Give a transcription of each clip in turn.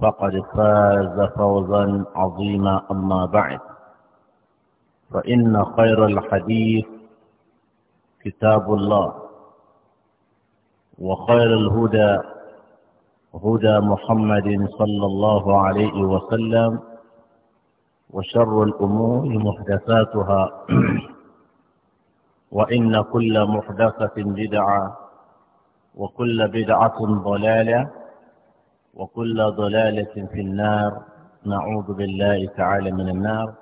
فقد فاز فوزا عظيما أما بعد فإن خير الحديث كتاب الله وخير الهدى هدى محمد صلى الله عليه وسلم وشر الأمور محدثاتها وإن كل محدثة بدعة وكل بدعة ضلالة وكل ضلالة في النار نعوذ بالله تعالى من النار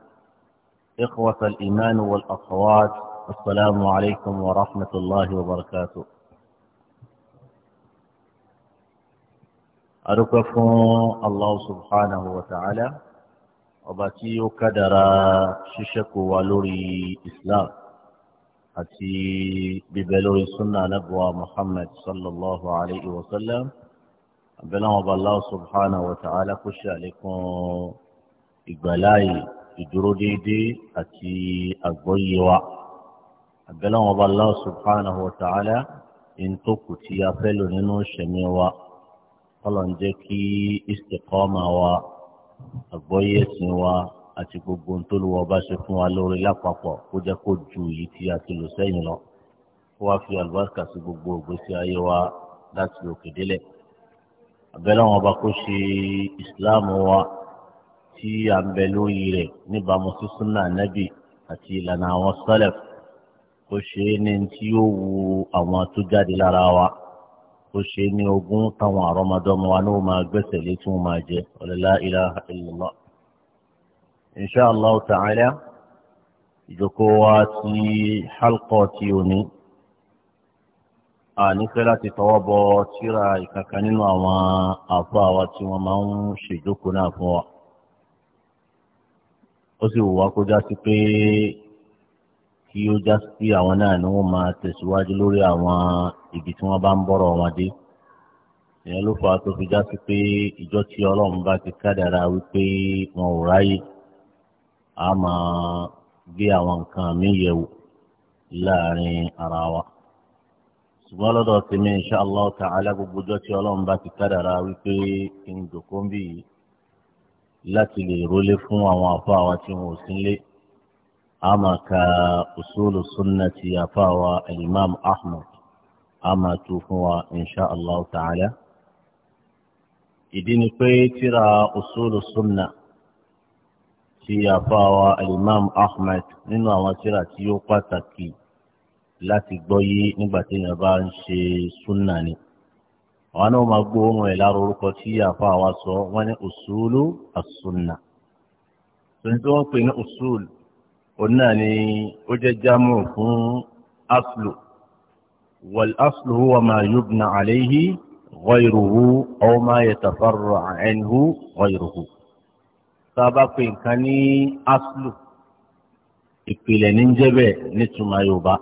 إخوة الإيمان والأخوات السلام عليكم ورحمة الله وبركاته أركفوا الله سبحانه وتعالى وباتي كدر ششك ولوري إسلام أتي ببلوري سنة نبوة محمد صلى الله عليه وسلم abẹ́láwọn ọba Allah subhanahu wa ta'ala kó ṣe àlékún ìgbàláyè ìdúró déédéé àti àgbọ́yé wa abẹ́láwọn ọba Allah subhanahu wa ta'ala ń tó kù tí a fẹ́ lò nínú ìṣẹ̀mí wa kọ́lọ̀ ń jẹ́ kí istiqama wa àgbọ́yé ẹ̀sìn wa àti gbogbo ohun tó ṣe fún wa lórí lápapọ̀ kó jẹ́ kó ju èyí tí a ti lò sẹ́yìn lọ kó wá fi àlùbáríkà sí gbogbo ìgbésí ayé wa láti òkè délẹ̀ abẹ́lẹ́ wọn bá kó ṣe ìsìláàmù wa tí à ń bẹ lórí rẹ̀ níbàámu sí súnà nábì àti ìlànà àwọn sálẹ̀f kó ṣe é ní tí yóò wu àwọn tó jáde lára wa kó ṣe é ní ogún táwọn àrọ́mọdọ́mọ wa ní wọ́n máa gbẹ́sẹ̀ lé tí wọ́n máa jẹ ọ̀lẹ́lá ilaha illallah. insha allah ta'ala ìjókòó wa ti halqa ti òní ànífẹ́ láti tọwọ́ bọ tírà ìkankan nínú àwọn àfọ àwa tí wọ́n máa ń ṣèjókòó náà fún wa. ó sì wù wá kó já sí pé kí ó já sí àwọn náà ni wọ́n máa tẹ̀síwájú lórí àwọn ibi tí wọ́n bá ń bọ̀rọ̀ wọn dé. ìyẹn ló fà á tó fi já sí pé ìjọ tí ọlọ́run bá ti kádàrá wípé wọn ò ráyè á máa gbé àwọn nǹkan mí yẹ̀wò láàrin ara wa ṣùgbọ́n lọ́dọ̀ sí mi insha Allah ta'ala gbogbo ọjọ́ tí ọlọ́run bá ti kádàrá wípé kí n dòkó ń bì yìí láti lè rólé fún àwọn àfọ àwa tí wọn ò sí lé a máa ka usulu sunnati àfọ àwa alimam ahmed a máa tu fún wa insha Allah ta'ala. ìdí ni pé tíra usulu sunna ti àfọ àwa alimam ahmed nínú àwọn tíra tí yóò pàtàkì láti gbọ́ yé nígbà tí èèyàn bá ń ṣe súnà ni àwọn náà máa gbọ́ ohun ẹ̀ lára orúkọ tí àfa àwa sọ wọ́n ní usulu as-sunna tòun tí wọ́n pè ní usul òun náà ni ó jẹ́ jámù fún aslu wal aslu huwa ma yubna alayhi ghayruhu aw ma yatafarra'a anhu ghayruhu tá a bá pè nǹkan ní aslu ìpìlẹ̀ ní jẹ́ bẹ́ẹ̀ nítumọ̀ yorùbá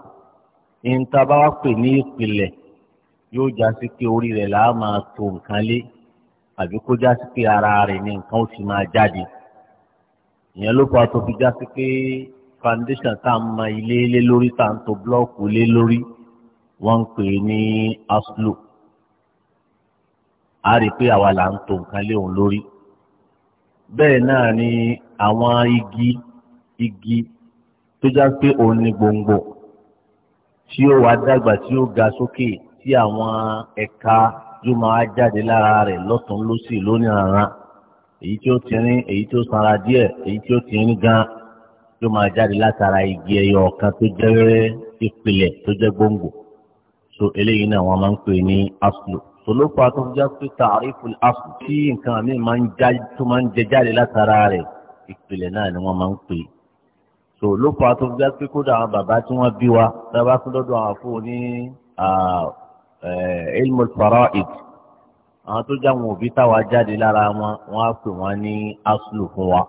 ìntaba wa pè ní ìpìlẹ̀ yóò já sí pé orí rẹ̀ là á máa tó nǹkan lé àbí kó já sí pé ara rẹ̀ ni nǹkan ó ti máa jáde ìyẹn ló fà tó fi já sí pé foundation tá a ma ilé lé lórí tá a ń to blọọkù lé lórí wọ́n ń pè ní aslo a rí i pé àwa là ń to nǹkan lé òun lórí bẹ́ẹ̀ náà ni àwọn igi igi tó já sí pé òun ni gbòǹgbò tí ó wá dàgbà tí ó ga sókè tí àwọn ẹ̀ka yóò máa jáde lára rẹ̀ lọ́tún lọ́sì lónìí rárá èyí tí ó tínrín èyí tí ó sanra díẹ̀ èyí tí ó tínrín gan yóò máa jáde látara igi ẹyọ ọ̀kan tó jẹ́ ìpìlẹ̀ tó jẹ́ gbòǹgbò so eléyìí náà wọ́n máa ń pè ní aslu tòlópa tó jẹ́ pé tààrífù aslu tí nǹkan mi máa ń jẹ jáde látara rẹ̀ ìpìlẹ̀ náà ni wọ́n máa ń pè é so ló fà á tó fi já pé kódà àwọn bàbá tí wọ́n bí wa tábà tún lọ́dọ̀ àwọn fún ní ilmul fara'id àwọn tó já wọn òbí táwa jáde lára wọn wọ́n á pè wọ́n ní aslu fún wa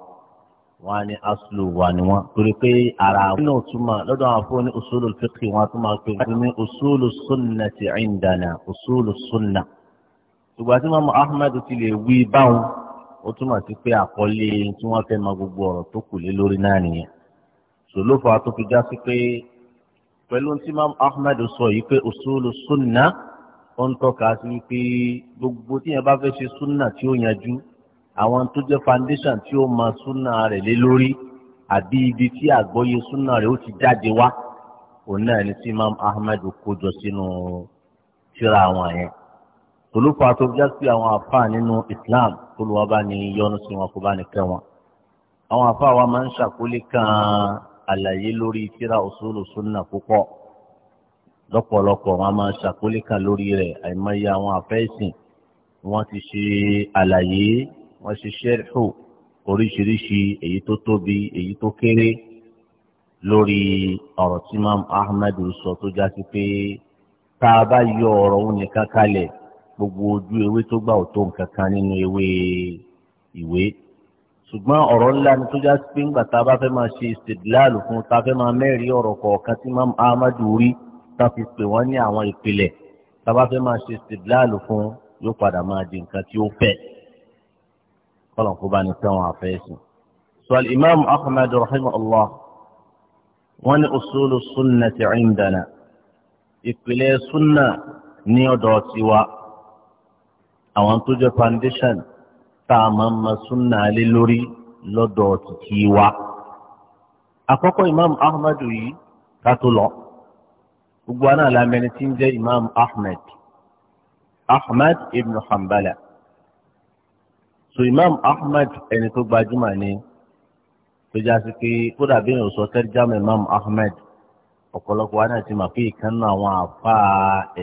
wọ́n á ní aslu wa ni wọ́n torí pé ara wọn náà túmọ̀ lọ́dọ̀ àwọn fún ní usulul fiqh wọn tún máa pè wọ́n ní usulus sunnati indana usulus sunna ìgbà tí mọ́mọ́ Ahmed ti lè wí báwọn ó túmọ̀ sí pé àkọlé tí wọ́n fẹ́ mọ gbogbo ọ̀rọ̀ tó kù lé lórí náà nìyẹn sòlófà tó fi já sí pé pẹ̀lú tí Imam Ahmed sọ yìí pé usulu sunna ó ń tọ́ka sí pé gbogbo tí yẹn bá fẹ́ ṣe sunna tí ó yanjú àwọn tó jẹ́ foundation tí ó mọ sunna rẹ̀ lé lórí àbí ibi tí àgbọ́yé sunna rẹ̀ ó ti jáde wá òun náà ni tí Imam Ahmed kójọ sínú tírà àwọn yẹn olùfà tó já sí àwọn àfa nínú Islam tó lọ́wọ́ bá ní yọ́nú sí wọn kó bá ní kẹ́ wọn àwọn àfa wa máa ń ṣàkólé kan àlàyé lórí tíra òṣòlù súnà púpọ̀ lọ́pọ̀lọpọ̀ wọn a máa ṣàkólíkà lórí rẹ̀ àìmọye àwọn àfẹ́sìn wọ́n ti ṣe àlàyé wọ́n ṣe ṣẹ́rìfù oríṣiríṣi èyí tó tóbi èyí tó kéré lórí ọ̀rọ̀ tí Imam Ahmed sọ tó já pé tá a bá yọ ọ̀rọ̀ òun nìkan kalẹ̀ gbogbo ojú ewé tó gbà ò tó nǹkan kan nínú ewé ìwé ṣùgbọ́n ọ̀rọ̀ ńlá ni tó já sí pé ńgbà tá a bá fẹ́ máa ṣe ìṣèdíláàlù fún ta fẹ́ máa mẹ́rin ọ̀rọ̀ kọ̀ọ̀kan tí Imam Ahmadu rí tá fi pè wọ́n ní àwọn ìpìlẹ̀ tá a bá fẹ́ máa ṣe ìṣèdíláàlù fún yóò padà máa di nǹkan tí ó fẹ́ kọ́lọ̀ kó bá ní sẹ́wọ̀n àfẹ́sìn. sọ́l Imam Ahmad rahimahullah wọ́n ní usulu sunna ti indana ìpìlẹ̀ sunna ní ọ̀dọ̀ tiwa àwọn tó jẹ́ foundation tá a máa ma súnà lé lórí lọ́dọ̀ títí wa. àkọ́kọ́ imam ahmed yìí ká tó lọ gbogbo àná alámẹni tí ń jẹ́ imam ahmed ahmed ibn hanbala so imam ahmed ẹni tó gbajúmọ̀ ni tó já sí pé kódà bí yóò sọ tẹ́rìjámù imam ahmed ọ̀pọ̀lọpọ̀ àná ti mà pé ìkànnì àwọn àfa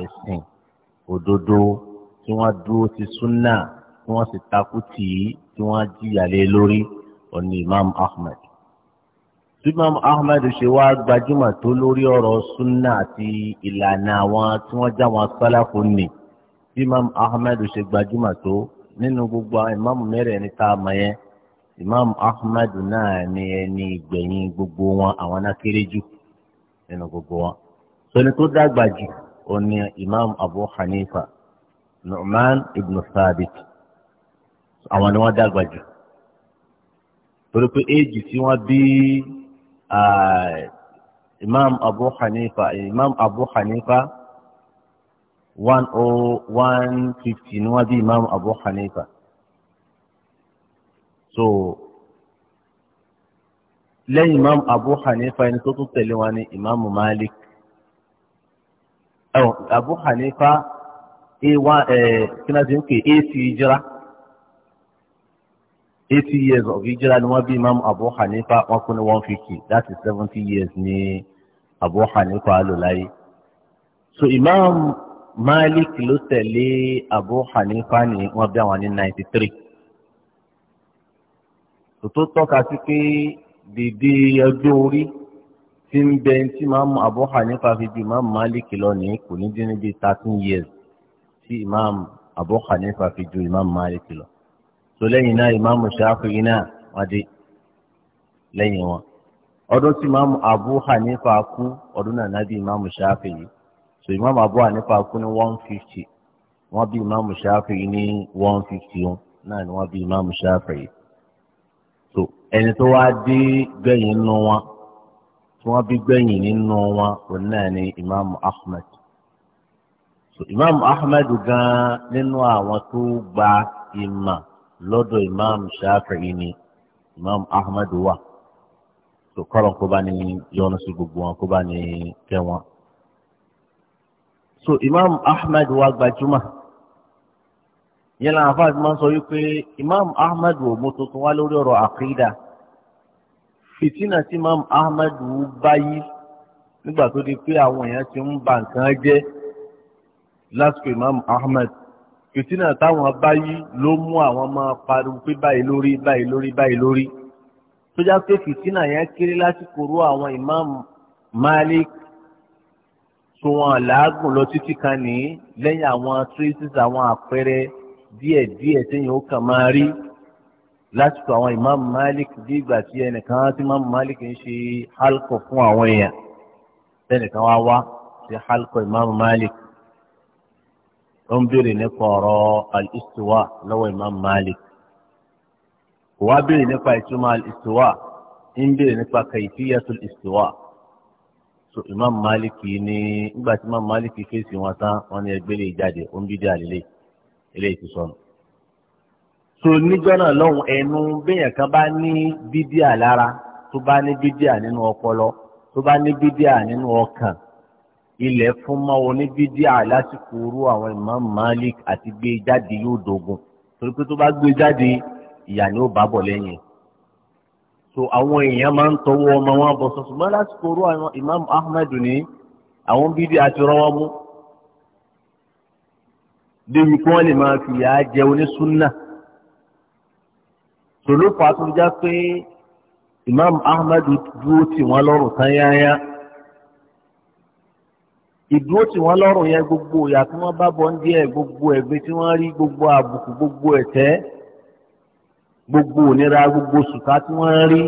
ẹ̀sìn òdodo tí wọ́n dúró ti súnà tí wọ́n sì takú tì í tí wọ́n jìyà lé lórí òní imam ahmed tí imam ahmed ṣe wá gbajúmọ̀ tó lórí ọ̀rọ̀ sunna àti ìlànà àwọn tí wọ́n já wọn sálàfù nì tí imam ahmed ṣe gbajúmọ̀ tó nínú gbogbo imam mẹ́rẹ̀ẹ́ ní tá a mọ̀ yẹn imam ahmed náà ni ẹni ìgbẹ̀yìn gbogbo wọn àwọn náà kéré jù nínú gbogbo wọn sọni tó dàgbà jù òní imam abu hanifa nu'man ibn thabit àwọn ni wọ́n dàgbà jù torí pé éèjì tí wọ́n bí imam abu hanifa imam abu hanifa one oh one fifty ni wọ́n bí imam abu hanifa so lẹ́yìn imam abu hanifa ẹni tó tún tẹ̀lé wọn ni imam malik abu hanifa eh, kí náà ti ń pè é sí ìjìrá eighty years of hijra ni wọ́n bí imam abu hanifa wọ́n kún ní one fifty that is seventy years ní abu hanifa lò láyé so imam malik ló tẹ̀lé abu hanifa ni wọ́n bí àwọn ní ninety three tòtó tọ́ka sí pé dèdè ọjọ́ orí tí ń bẹ tí imam abu hanifa fi ju imam malik lọ ní kò ní dín ní bíi thirteen years tí imam abu hanifa fi ju imam malik lọ. so lẹ́yìn náà ìmáàmù Ṣáfi'í náà wọ́n lẹ́yìn wọn ọdún tí ìmáàmù Abu Hanifa kú ọdún náà náà ìmáàmù so ìmáàmù Abu Hanifa kú ní one fifty wọ́n bí ìmáàmù n'i ní one fifty náà ni wọ́n bí ìmáàmù so ẹni tó wá dé gbẹ̀yìn nínú wọn tí wọ́n bí gbẹ̀yìn nínú wọn òun náà ni ìmáàmù gan nínú àwọn tó gba lọ́dọ̀ imam shafi'i ni imam ahmed wà tó kọ́lọ̀ kó bá ní yọ́nú sí gbogbo wọn kó bá ní kẹ́ wọn. so imam ahmed wà gbajúmọ̀ yẹn làwọn afáàfin máa ń sọ wípé imam ahmed wò mo tuntun wá lórí ọ̀rọ̀ àkídà fìtínà tí imam ahmed wù báyìí nígbà tó di pé àwọn èèyàn ti ń ba nǹkan jẹ́ lásìkò imam ahmed fìtínà táwọn báyìí ló mú àwọn máa pariwo pé báyìí lórí báyìí lórí báyìí lórí tó já pé fìtínà yẹn kéré lásìkò rú àwọn ìmáàmù Malik tó wọn làágùn lọ títí kan ní lẹ́yìn àwọn traces àwọn àpẹẹrẹ díẹ̀díẹ̀ téèyàn ó kàn máa rí lásìkò àwọn ìmáàmù Malik bí ìgbà tí ẹnìkan tí ìmáàmù Malik ń ṣe halkọ fún àwọn èèyàn tẹnìkan wá wá ṣe halkọ ìmáàmù Malik ó ń béèrè nípa ọ̀rọ̀ al-istiwa lọ́wọ́ imam malik kò wá béèrè nípa ìtumọ̀ al-istiwa ń béèrè nípa kayfiyatul istiwa so imam malik ni nígbà tí imam malik fèsì wọn tán wọn ni ẹgbẹ́ lè jáde ó ń bí dé àlélẹ́ eléyìí ti sọnù so níjọ́ náà lọ́hùn ẹnu bẹ́yẹn kan bá ní bídíà lára tó bá ní bídíà nínú ọpọlọ tó bá ní bídíà nínú ọkàn ilẹ̀ fún mọ́ oníbídíà lásìkò orú àwọn Imam Malik àti gbé jáde yóò dogun torí pé tó bá gbé jáde ìyà ni ó bá bọ̀ lẹ́yìn so àwọn èèyàn máa ń tọwọ́ ọmọ wọn bọ̀ sọ̀tún mọ́ lásìkò orú àwọn Imam Ahmed ní àwọn bídíà ti rọ́wọ́ mú débi kí wọ́n lè máa fi ìyà jẹ onísúnnà sòlófà tó já pé Imam Ahmed dúró tì wọ́n lọ́rùn tán yáyá ìdúró tí wọ́n lọ́rùn yẹn gbogbo ìyà tí wọ́n bá bọ́ ń díẹ̀ gbogbo ẹ̀gbin tí wọ́n rí gbogbo àbùkù gbogbo ẹ̀tẹ́ gbogbo ònira gbogbo sùtá tí wọ́n rí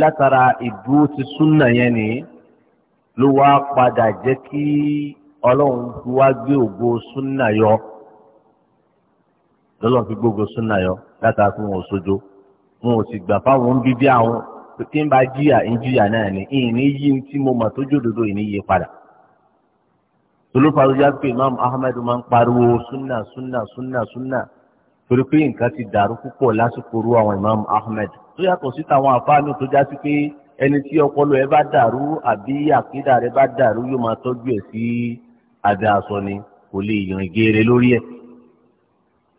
látara ìdúró ti súnà yẹn ni ló wá padà jẹ́ kí ọlọ́run fi wá gbé ògo súnà yọ lọ́lọ́run fi gbógo súnà yọ látara fún wọn òṣojo wọn ò sì gbà fáwọn bíbí àwọn tí ń bá jìyà ń jìyà náà ni ìní yí tí mo mọ̀ tó jòdòdó ìní yí padà tolófa ló já pé imam ahmed máa ń pariwo sunna sunna sunna sunna torí pé nǹkan ti dàrú púpọ̀ lásìkò ru àwọn imam ahmed tó yàtọ̀ sí tàwọn àfáàmì tó já sí pé ẹni tí ọpọlọ ẹ bá dàrú àbí àkídà rẹ bá dàrú yóò máa tọ́jú ẹ̀ sí abẹ́ aṣọ ni kò lè yàn geere lórí ẹ̀.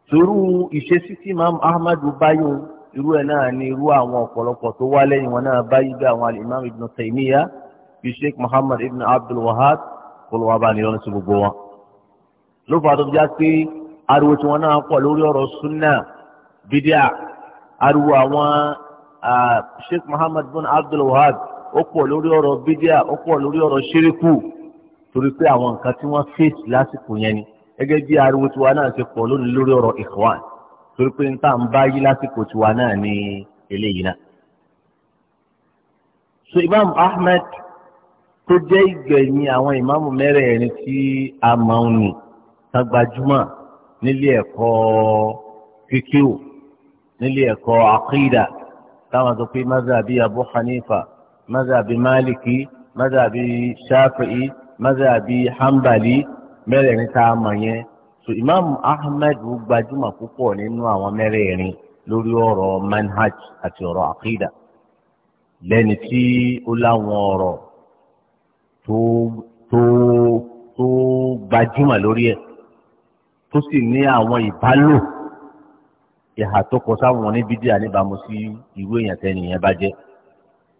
torú ìṣesí tí imam ahmed báyò irú ẹ̀ náà ni irú àwọn ọ̀pọ̀lọpọ̀ tó wá lẹ́yìn wọn náà báyìí bí àwọn imam ibn taymiya bí muhammad ibn abdul kólówá bá ní lọ́nà sí gbogbo wọn. ló fà tó já pé ariwo tí wọ́n náà pọ̀ lórí ọ̀rọ̀ sunna bídíà ariwo àwọn sheikh muhammad bin abdul wahab ó pọ̀ lórí ọ̀rọ̀ bídíà ó pọ̀ lórí ọ̀rọ̀ ṣíríkù torí pé àwọn nǹkan tí wọ́n fèsì lásìkò yẹn ni gẹ́gẹ́ bí ariwo tiwa náà ṣe pọ̀ lónìí lórí ọ̀rọ̀ ikhwan torí pé n tá à bá yí lásìkò tiwa náà ní eléyìí náà. so imam ahmed tó jẹ́ ìgbẹ̀yìn àwọn ìmáàmù mẹ́rẹ̀ẹ̀rin tí a máa ń nì tán nílé ẹ̀kọ́ fíkíù nílé ẹ̀kọ́ táwọn pé abu hanifa mazhabi maliki mazhabi shafi'i mazhabi hambali mẹ́rẹ̀ẹ̀rin tá a mọ̀ yẹn so ìmáàmù ahmed gbajúmọ̀ púpọ̀ nínú àwọn mẹ́rẹ̀ẹ̀rin lórí ọ̀rọ̀ manhaj àti ọ̀rọ̀ àkídà lẹ́ni tí ó láwọn tó tó tó gbajúmọ̀ lórí ẹ̀ tó sì ní àwọn ìbálò ìhà tó kọ sáwọn oníbídíà níbàámu sí irú èèyàn tẹ́nìyàn bá jẹ́.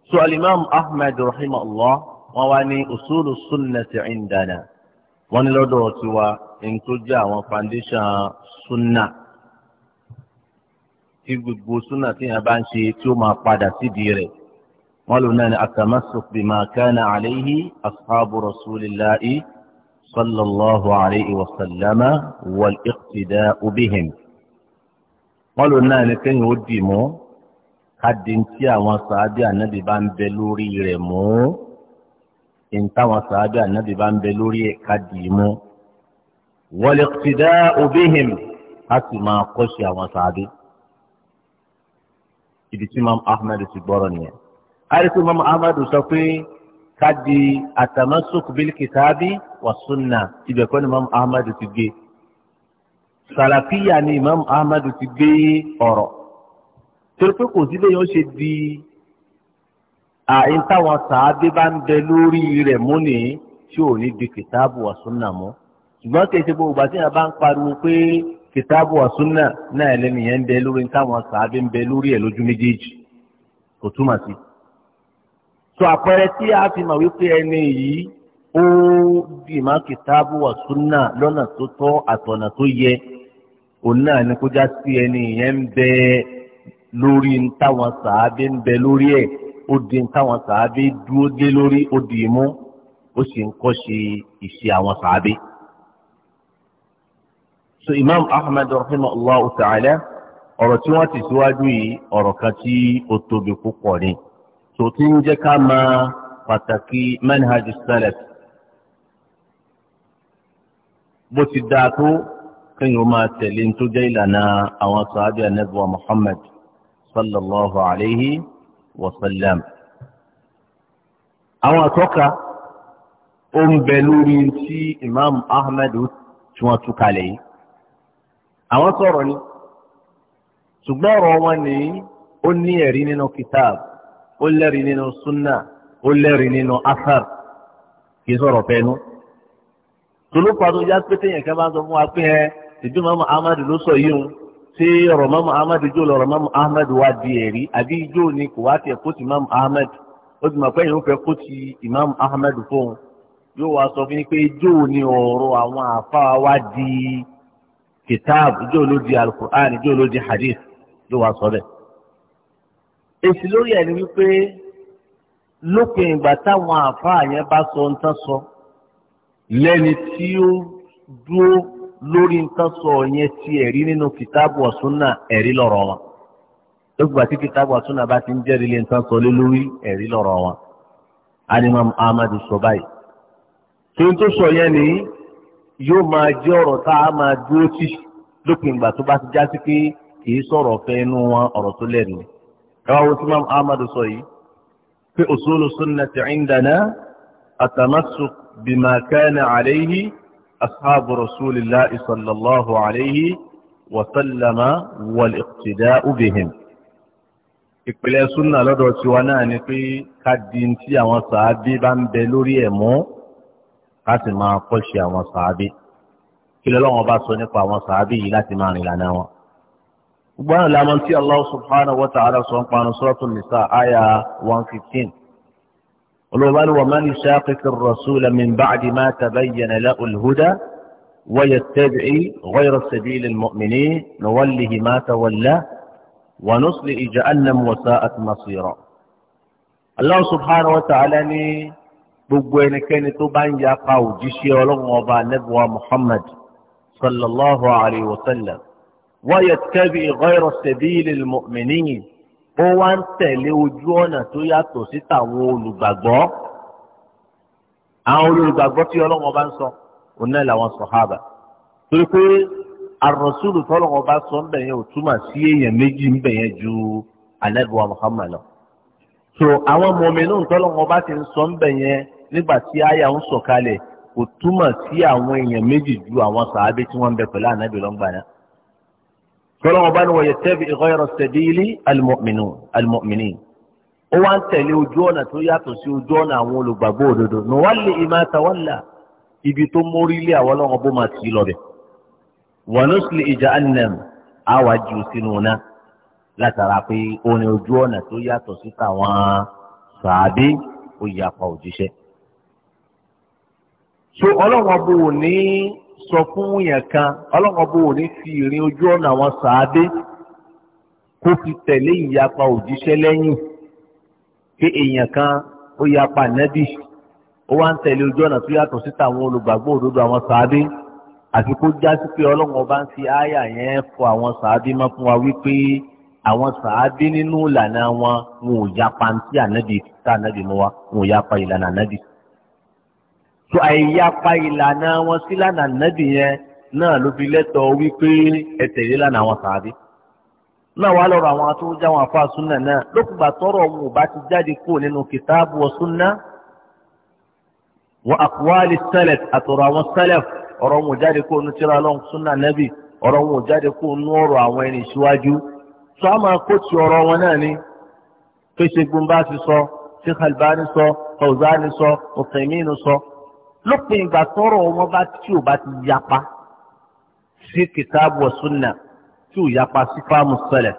so alimam ahmed rahimahullah wọn wá ní usulu sunnati indana wọn ní lọ́dọ̀ tiwa ní tó jẹ́ àwọn foundation sunna tí gbogbo sunna tí yẹn bá ń ṣe tí ó máa padà sídìí rẹ̀ wọ́n lò náà ní atamasuk bima kana alayhi ashabu rasulillahi sallallahu alayhi wa sallama wal iqtida'u bihim wọ́n lò náà ní kéyìn ó dì mú kádìntì àwọn sàábì ànábì bá ń bẹ lórí rẹ̀ mú ìntàwọn sàábì ànábì bá ń bẹ lórí ẹ̀ kádìí mú wal iqtida'u bihim a sì máa kọ́ṣe àwọn sàábì ibi tí Imam Ahmed ti gbọ́rọ̀ nìyẹn àríkú Imam Ahmad sọ pé ká di àtàmásùkù bil kitabi wa sunna ibẹ̀ kọ́ ni Imam Ahmad ti gbé sàlàfíà ni Imam Ahmad ti gbé ọ̀rọ̀ torí pé kò sí bẹ́ẹ̀ yẹn ó ṣe di àyín táwọn sàábé bá ń bẹ lórí rẹ̀ mú ni tí ò ní di kìtáàbù wa sunna mọ́ ṣùgbọ́n kì í ṣe gbogbo ìgbà tí yàrá bá ń pariwo pé kìtáàbù wa sunna náà lẹ́nu yẹn ń bẹ lórí táwọn sàábé ń bẹ lórí ẹ̀ lójú méjèèjì kò túmọ̀ sí i. tó àpẹẹrẹ tí a fi mọ̀ wípé ẹni yìí ó di má kìtàbù wà súnà lọ́nà tó tọ́ àtọ̀nà tó yẹ òun náà ni kó já sí ẹni yẹn ń bẹ lórí táwọn sàábé ń bẹ lórí ó di táwọn sàábé dúró dé lórí ó dì mú so imam ahmed rahimahullah ta'ala ọ̀rọ̀ tí wọ́n ti síwájú yìí ọ̀rọ̀ kan tí ó tó ti ń jẹ́ ká máa pàtàkì manhaj salaf bó ti dáa tó kéèyàn ó máa tẹ̀lé tó jẹ́ ìlànà àwọn sàábì anábìwá Muhammad sallallahu alayhi wa sallam. àwọn àtọ́ka ó ń bẹ lórí tí Imam Ahmed tí wọ́n tú kalẹ̀ yìí. àwọn sọ̀rọ̀ ni ṣùgbọ́n ọ̀rọ̀ wọn ni ó ní ẹ̀rí nínú kitab ó lẹ́rìí nínú súnà ó lẹ́rìí nínú afar kì í sọ̀rọ̀ fẹ́nu. tolópa tó yá pété yẹn kẹ́ bá sọ fún wa pé ẹ ìdí mọ́mọ́ ahmadu ló sọ yìí o ṣé ọ̀rọ̀ mọ́mọ́ ahmadu jó lọ́rọ̀ mọ́mọ́ ahmadu wa di ẹ̀rí àbí ijó ni kò wá tiẹ̀ kó ti mọ́mọ́ ahmadu ó ti mọ̀ pé yóò fẹ́ kó ti imam ahmadu fóun yóò wá sọ fún yín pé ijó ni ọ̀rọ̀ àwọn àfa wa di kìtáàbù ijó ló di alukur'an ijó ló di hadith yóò wá sọ bẹ́ẹ̀. èsì lórí ẹ̀ wípé lópin ìgbà táwọn àáfàá yẹn bá sọ nǹkan sọ lẹ́ni tí ó dúró lórí nǹkan sọ yẹn ti ẹ̀rí nínú kìtàbù ọ̀sùnà ẹ̀rí lọ́rọ̀ wọn lópin tí kìtàbù ọ̀sùnà bá ti ń jẹ́rìí lé nǹkan sọ lé lórí ẹ̀rí wọn ahmadu sọ báyìí tó ń tó sọ yẹn ni yóò máa jẹ́ ọ̀rọ̀ tá a máa dúró tì lópin ìgbà tó bá ti já sí pé ẹwà usman ahmad sọ yìí pé usulu sunnati indana atamasuk bima kana alayhi ashabu rasulillahi sallallahu alayhi wa sallama wal iqtida'u bihim ìpìlẹ̀ súnà lọ́dọ̀ tiwa náà ni pé ká di tí àwọn sàábí bá ń bẹ lórí ẹ̀ mọ́ ká sì máa kọ́ṣe àwọn sàábí kí lọ́wọ́ bá sọ nípa àwọn sàábí yìí láti máa rìn lànà wọn. gbogbo àwọn ìlànà tí Allah subhanahu wa ta'ala sọ ń panu suratul nisa àyà one fifteen olùwà ni wa man yushaqiqi ar-rasula min ba'di ma tabayyana lahu al-huda wa yattabi' ghayra sabili al-mu'minin nuwallihi ma tawalla wa nuslihi jahannam wa sa'at masira. Allah subhanahu wa ta'ala ni gbogbo ẹnikẹ́ni tó bá ń yapa òjíṣẹ́ ọlọ́run ọba anabiwa Muhammad sallallahu alayhi wa sallam. ويتبع غير سبيل المؤمنين ó wá ń tẹ̀lé ojú ọ̀nà tó yàtọ̀ sí tàwọn olùgbàgbọ́ àwọn olùgbàgbọ́ tí ọlọ́wọ́n bá ń sọ òun náà làwọn sọ̀hábà torí pé àròsùlù tọ́lọ́wọ́n bá sọ ń bẹ̀yẹn ò túmọ̀ sí èèyàn méjì ń bẹ̀yẹn ju alẹ́bùwà Muhammad lọ. so àwọn mọ̀mìnú tọ́lọ́wọ́n bá ti ń sọ ń bẹ̀yẹn nígbà tí àyà ń sọ̀kalẹ̀ kò túmọ̀ sí àwọn èèyàn méjì ju àwọn sàábé tí wọ́n ń bẹ pẹ̀lú ànábì lọ́ngbà tọ́lọ́wọ́n bá ní wọ́n yẹ tẹ́bi ghayra sabili al-mu'minin ó wá ń tẹ̀lé ojú ọ̀nà tó yàtọ̀ sí ojú ọ̀nà àwọn olùgbàgbọ́ òdodo nuwalli ma tawalla ibi tó mórí lé àwọn ọlọ́wọ́n bó máa tì í lọ́bẹ̀ wa nuslihi jahannam á wá ju sínú náà látara pé ó ní ojú ọ̀nà tó yàtọ̀ sí tàwọn sàábé ó yapa òjíṣẹ́ so ọlọ́wọ́n bó ní sọ fún yẹn kan ọlọ́run bò ní fi ìrìn ojú ọ̀nà àwọn sàádé kó fi tẹ̀lé ìyapa òjíṣẹ́ lẹ́yìn pé èèyàn kan ó yapa nẹ́bì ó wá ń tẹ̀lé ojú ọ̀nà tó yàtọ̀ síta àwọn olùgbàgbọ́ òdodo àwọn sàádé àti kó já sí pé ọlọ́run ọba ń fi ááyà yẹn fọ àwọn sàádé mọ́ fún wa wípé àwọn sàádé nínú ìlànà wọn wọn ò yapa tí ànábì tá ànábì mú wa wọn ò yapa ìlànà ànábì tó àìyapa ìlànà wọn sí lánàá nàbì yẹn náà ló fi lẹ́tọ̀ọ́ wípé ẹ tẹ̀lé lánàá àwọn sàábì náà wàá lọ́rọ̀ àwọn tó já wọn àfa súnà náà lókùgbà tọrọ wọn ò bá ti jáde kúrò nínú kìtáàbù wa súnà wọn àkùwálì sẹlẹt àtọ̀rọ̀ àwọn sẹlẹf ọ̀rọ̀ wọn ò jáde kúrò nínú tíra lọ́n súnà nàbì ọ̀rọ̀ wọn ò jáde kúrò nínú ọ̀rọ̀ àwọn ẹni ìṣíwájú lópin ìgbà tọrọ wọn bá tí o bá ti yapa sí kìtàbù wa tí o yapa sí fáàmù salaf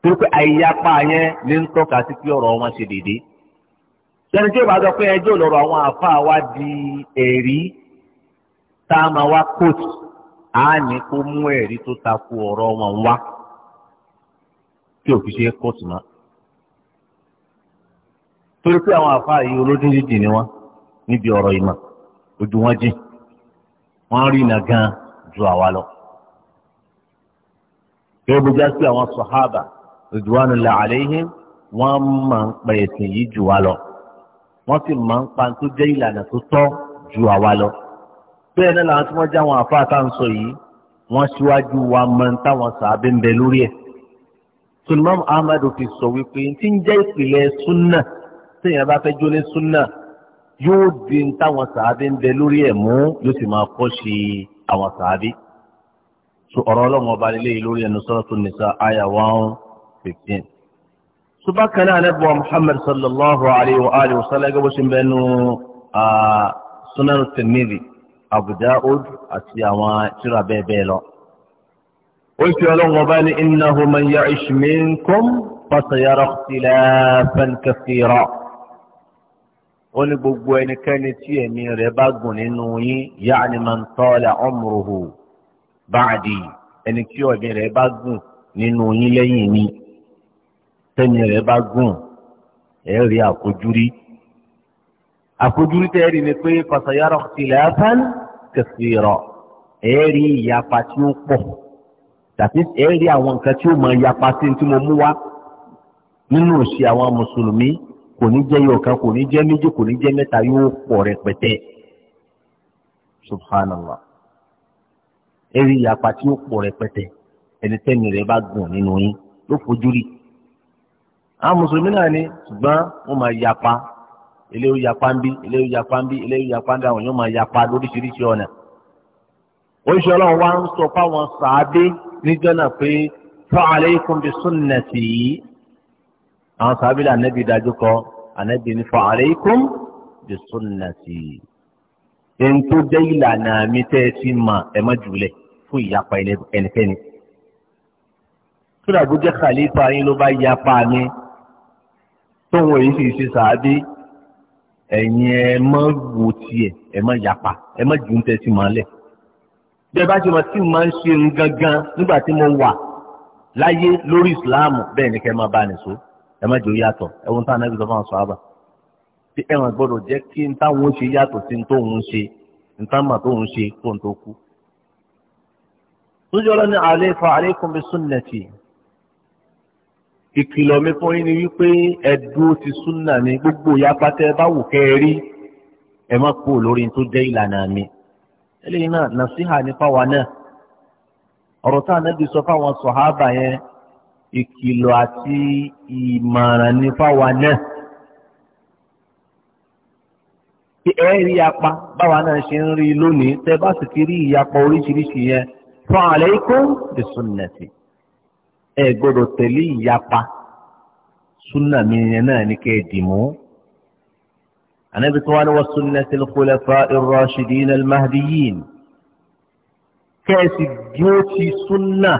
torí pé àìyapa yẹn lè ń tọ́ka sí ọ̀rọ̀ wọn ṣe a máa wá kóòtù á ní kó mú ẹ̀rí tó takò ọ̀rọ̀ wọn torí pé àwọn àfa yìí olódìdì ni wọn níbi ọ̀rọ̀ ìmọ̀ ojú wọn jìn wọn rí iná gan ju àwa lọ. kí ó bójá sí àwọn sọ̀hábà ridwanullahi alaihim wọ́n máa ń pa ẹ̀sìn yìí jù wá lọ wọ́n sì máa ń pa tó jẹ́ ìlànà tó tọ́ ju àwa lọ. bẹ́ẹ̀ náà làwọn tí wọ́n já àwọn àfa àtàǹsọ yìí wọ́n síwájú wa máa ń táwọn sàábẹ́ ń bẹ lórí ẹ̀. Sulimam Ahmad fi sọ wípé tí ń jẹ́ ìpìlẹ̀ súnnà téèyàn bá fẹ́ jólé súnà yóò di ń táwọn sàábé ń bẹ lórí ẹ̀ mú yóò sì máa kọ́ sí àwọn sàábé. so ọ̀rọ̀ ọlọ́run ọba nílé yìí lórí ẹnu Suratu Nisa àyà one fifteen. so bákan náà nẹ́bọ̀ Muhammad sallallahu alayhi wa alihi wa sallam gẹ́gẹ́ bó ṣe ń bẹnu Sunan Tirmidhi Abu àti àwọn tírà bẹ́ẹ̀ bẹ́ẹ̀ lọ. ó sì ọlọ́run ọba ní innahu man ya'ish ó ní gbogbo ẹnikẹ́ni tí ẹ̀mí rẹ̀ bá gùn nínú yín yáàni man tala umruhu ba'di ẹni tí ẹ̀mí rẹ̀ bá gùn nínú yín lẹ́yìn mi tẹ́mi rẹ̀ bá gùn ẹ̀ rí àkójúrí àkójúrí tẹ́ rí ni pé fasayara ikhtilafan kathira ẹ̀ rí ìyapa tí ó pọ̀ tàbí ẹ̀ rí àwọn nǹkan tí ó mọ ìyapa sí tí mo mú wá nínú òṣì àwọn mùsùlùmí kò ní jẹ́ yọ̀ọ̀kan kò ní jẹ́ méjì kò ní jẹ́ mẹ́ta yóò pọ̀ rẹpẹtẹ subhanallah eré ìyapa tí ó pọ̀ rẹpẹtẹ ẹni tẹ́ni rẹ̀ bá gùn nínú yín ló fojú rí àwọn mùsùlùmí náà ni ṣùgbọ́n wọ́n máa yapa eléyìí yapa ń bí eléyìí yapa ń bí eléyìí yapa ń bí àwọn yóò máa yapa lóríṣiríṣi ọ̀nà oṣù ọlọ́run wa ń sọ fáwọn sàábé níjọ́ náà pé fa alaykum bi sunnati yìí àwọn sábìlì ànábì dájú kọ ànábì ní fa alaykum bi sunnati ẹni tó jẹ́ ìlànà mi tẹ́ ẹ fi mà ẹ má jùlẹ̀ fún ìyapa ẹnikẹ́ni kódà bó jẹ́ khalifa yín ló bá yapa mi tóun èyí sì ṣe sàábí ẹ̀yin ẹ má wò tiẹ̀ ẹ má yapa ẹ má jù ń tẹ́sí máa lẹ̀. bẹ́ẹ̀ bá ṣe mọ̀ tí màá ń ṣe ń gangan nígbà tí mo wà láyé lórí ìsìláàmù bẹ́ẹ̀ ni kẹ́ máa bá nìṣó. ẹ má jẹ́ ó yàtọ̀ ẹ̀wọ̀n táwọn anábì sọ fún àwọn tí ẹ̀wọ̀n gbọ́dọ̀ jẹ́ kí n táwọn ṣe yàtọ̀ sí n tó ṣe n tá tó ṣe tó kú. ní alẹ́ ni ti gbogbo ya pate kẹ́ ẹ rí ẹ má kú lórí tó jẹ́ ìlànà mi. náà nàṣíhà ní náà ọ̀rọ̀ sọ fáwọn ìkìlọ̀ àti ìmọ̀ràn ní fáwa náà. Kí ẹ rí apá báwa náà ṣe ń rí lónìí tẹ bá sì ti rí ìyapa oríṣiríṣi yẹn fa alaykum bi sunnati. Ẹ gbọ́dọ̀ tẹ̀lé ìyapa súnà mi yẹn náà ní kẹ́ ẹ dì mú. Ànábi tí wọ́n ní wa sunnati al-khulafa'ir rashidin al-mahdiyyin. Kẹ́ ẹ sì dúró ti súnà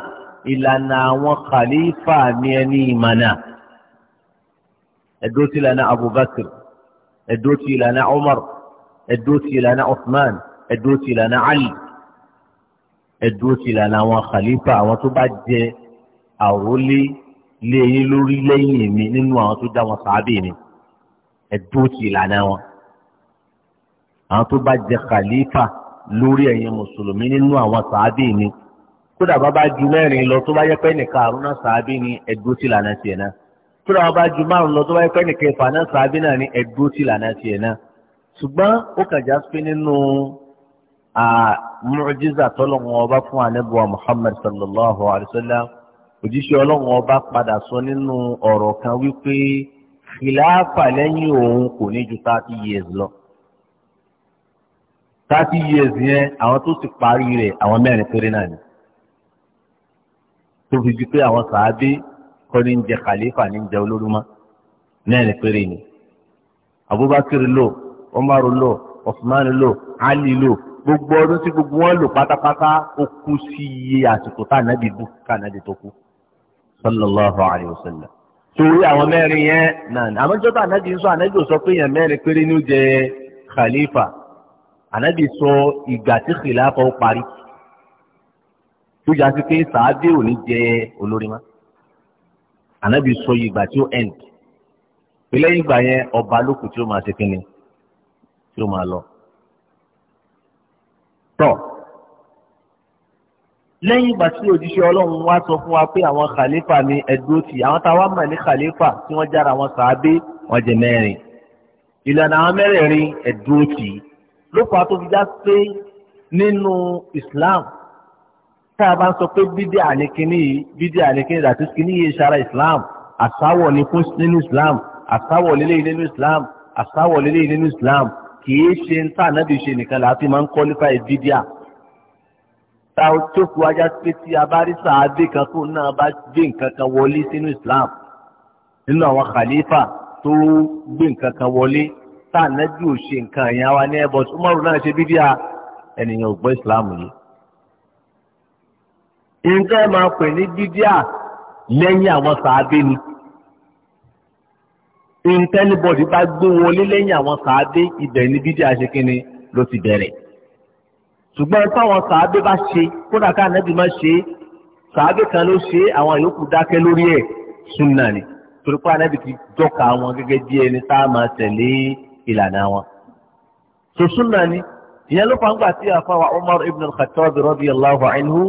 ìlànà àwọn khalifa ní ẹni ìmànà ẹ̀dó ti ìlànà abubakar ẹ̀dó ti ìlànà umar ẹ̀dó ti ìlànà usman ẹ̀dó ti ìlànà ali ẹ̀dó ti ìlànà àwọn khalifa àwọn tó bá jẹ àrólé lẹ́yìn lórí lẹ́yìn mi nínú àwọn tó dá wọn sàábì mi ẹ̀dó ti ìlànà wọn àwọn tó bá jẹ khalifa lórí ẹ̀yin mùsùlùmí nínú àwọn sàábì mi kódà bá bá ju mẹ́rin lọ tó bá yẹ pé nìkan àrùn náà sàábì ni ẹ̀dúró sí lànà tiẹ̀ náà kódà bá bá ju márùn lọ tó bá yẹ pé nìkan ẹ̀fà náà sàábì náà ni ẹ̀dúró sí lànà tiẹ̀ náà ṣùgbọ́n ó kàn já sí nínú mùjíza tọ́lọ́wọ́n ọba fún anábùwà Muhammad sallallahu alayhi wa sallam òjíṣẹ́ ọlọ́wọ́n ọba padà sọ nínú ọ̀rọ̀ kan wípé khilafa lẹ́yìn òun kò ní ju thirty years lọ thirty years yẹn àwọn tó ti parí rẹ̀ àwọn mẹ́rin péré náà ni tó fi ju pé àwọn sàábé kọ́ ní ń jẹ khalifa ní ń jẹ olórí mọ́ náà ní péré ni Abubakar lò Umar lò Osman lò Ali lò gbogbo ọdún tí gbogbo wọn lò pátápátá ó kú sí iye àsìkò tá ànábì bù ká ànábì tó kú sallallahu alayhi wa sallam torí àwọn mẹ́rin yẹn náà ni àmọ́ jọ́tà ànábì ń sọ ànábì ò sọ pé èèyàn mẹ́rin péré ní ó jẹ khalifa ànábì sọ ìgbà tí khilafa ó parí tó yà sí pé sàádé ò ní jẹ olórí mọ́ ànábì sọ yìí ìgbà tí ó end lẹ́yìn ìgbà yẹn ọba lókù tí ó máa ṣe kínni tí ó máa lọ. tọ́ lẹ́yìn ìgbà tí òjíṣẹ́ ọlọ́run wá sọ fún wa pé àwọn khalifa ni ẹ̀dúró tì àwọn táwa mọ̀ ní khalifa tí wọ́n jára wọn sàábé wọn jẹ mẹ́rin ìlànà àwọn mẹ́rẹ̀ẹ̀rin ẹ̀dúró tì ló fà á tó fi já sí nínú Islam tá a bá ń sọ pé bídí àníkíní yìí bídí àníkíní dàtí kíní yìí ṣara islam àsáwọ̀ ní fún nínú islam àsáwọ̀ lélẹ́yìn nínú islam àsáwọ̀ lélẹ́yìn nínú islam kìí ṣe ń tà nábì ṣe nìkan láti máa ń kọ́lífà ìdídí à. ta ó tó fún ajá pé tí a bá rí sàádé kan tó náà bá gbé nǹkan kan wọlé sínú islam nínú àwọn khalifa tó gbé nǹkan kan wọlé tá nábì ò ṣe nǹkan yẹn wá ní ẹbọ tó nǹkan ẹ máa pè ní bídíà lẹ́yìn àwọn sàábé ni nǹkan ẹnibọ̀dì bá gbé wọlé lẹ́yìn àwọn sàábé ibẹ̀ ni bídíà ṣe kínni ló ti bẹ̀rẹ̀ ṣùgbọ́n táwọn sàábé bá ṣe kódà ká nẹ́bí má ṣe sàábé kan ló ṣe àwọn yòókù dákẹ́ lórí ẹ̀ súnà ni torí pé ànábì ti dọ́ka wọn gẹ́gẹ́ bí ẹni tá a máa tẹ̀lé ìlànà wọn. so ni ìyẹn ló fà ń gbà sí àfàwà Umar ibn al-Khattab radiyallahu anhu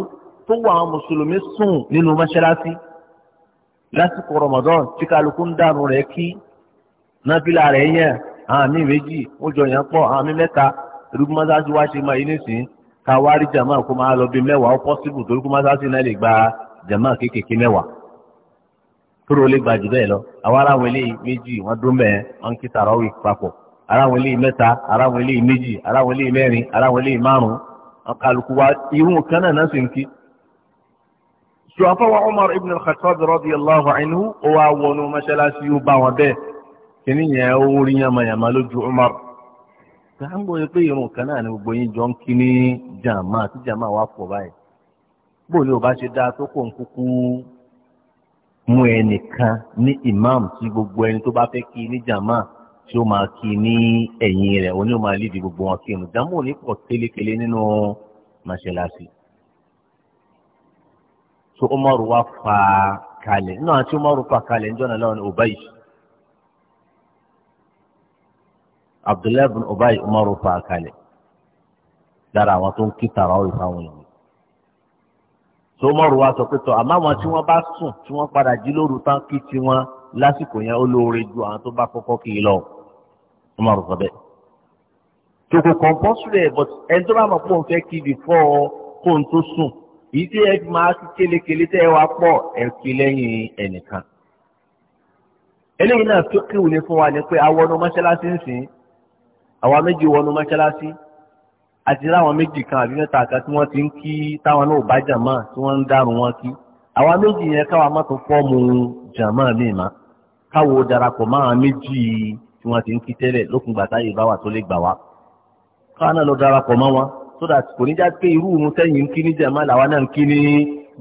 tó wà àwọn mùsùlùmí sùn nínú mọ́ṣáláṣí lásìkò Ramadan tí kálukú ń dànù rẹ̀ kí nábìlà rẹ̀ yẹn àmì méjì ó jọ yẹn pọ̀ àmì mẹ́ta irú mọ́ṣáláṣí wá ṣe máa yí nísìnyí ká wá rí jàmáà kó máa lọ bí mẹ́wàá ó pọ́sibù torí kó mọ́ṣáláṣí náà lè gba jàmáà kéékèèké mẹ́wàá kúrò lè gba jù bẹ́ẹ̀ lọ àwọn ará eléyìí méjì wọ́n dún bẹ́ẹ̀ wọ́n kí tàràwì papọ̀ ará eléyìí mẹ́ta ará eléyìí méjì ará eléyìí mẹ́rin ará eléyìí márùn-ún kálukú wa irú kan náà sì ń kí so afọwọ́ Umar ibn al-Khattab radiyallahu anhu ó wá wọnú mọ́ṣáláṣí ó bá wọn bẹ́ẹ̀ kíní yẹn ó rí yamayama lójú Umar ká ń gbọ́ pé irun kan náà ni gbogbo yín jọ ń kí ní jàmá tí jàmá wà pọ̀ báyìí bó ni ò bá ṣe dáa tó kó ń kúkú mú ẹnìkan ní imam tí gbogbo ẹni tó bá fẹ́ kí ní jàmá tí ó máa kí ní ẹ̀yìn rẹ̀ oní ó máa lídìí gbogbo wọn kí irun jàmá ò ní pọ̀ kélékélé nínú mọ́ṣáláṣí so Umaru wa fà á kalẹ̀ nínú àti Umaru fà kalẹ̀ níjọ́ náà lọ́wọ́ ni Ubayi Abdullahi bin Ubayi Umaru fà kalẹ̀ dára àwọn tó ń kí tàràwọ̀ ìfáwọn yìí so Umaru wa sọ pé tọ àmọ́ àwọn tí wọ́n bá sùn tí wọ́n padà jí lóru tán kí tiwọn lásìkò yẹn ó lóore ju àwọn tó bá kọ́kọ́ kí i lọ Umaru sọ bẹ́ẹ̀ tòkò kọ̀ǹpọ́sùrẹ̀ but ẹni tó bá mọ̀ pé òun fẹ́ kí èyí tí ẹ máa ti kélekèlé tẹ́ ẹ wá pọ̀ ẹ kí lẹ́yìn ẹnìkan. eléyìí náà tó kíwù ní fún wa ni pé àwọn ọdún mọ́ṣáláṣí ń sìn àwa méjì wọnú mọ́ṣáláṣí àti láwọn méjì kan àbí mẹ́ta kan tí wọ́n ti ń kí táwọn náà bá jàmá tí wọ́n ń dárun wọn kí àwa méjì yẹn káwa má fọ́ọ̀mù jàmá mi mà káwo darapọ̀ máa méjì tí wọ́n ti ń kí tẹ́lẹ̀ lókùngbà táyé bá wà tó lè gbà wá káwa náà lọ darapọ̀ mọ́ wọn so that kò ní já pé irú òun sẹ́yìn ń kí ní jàmá làwa náà ń kí ní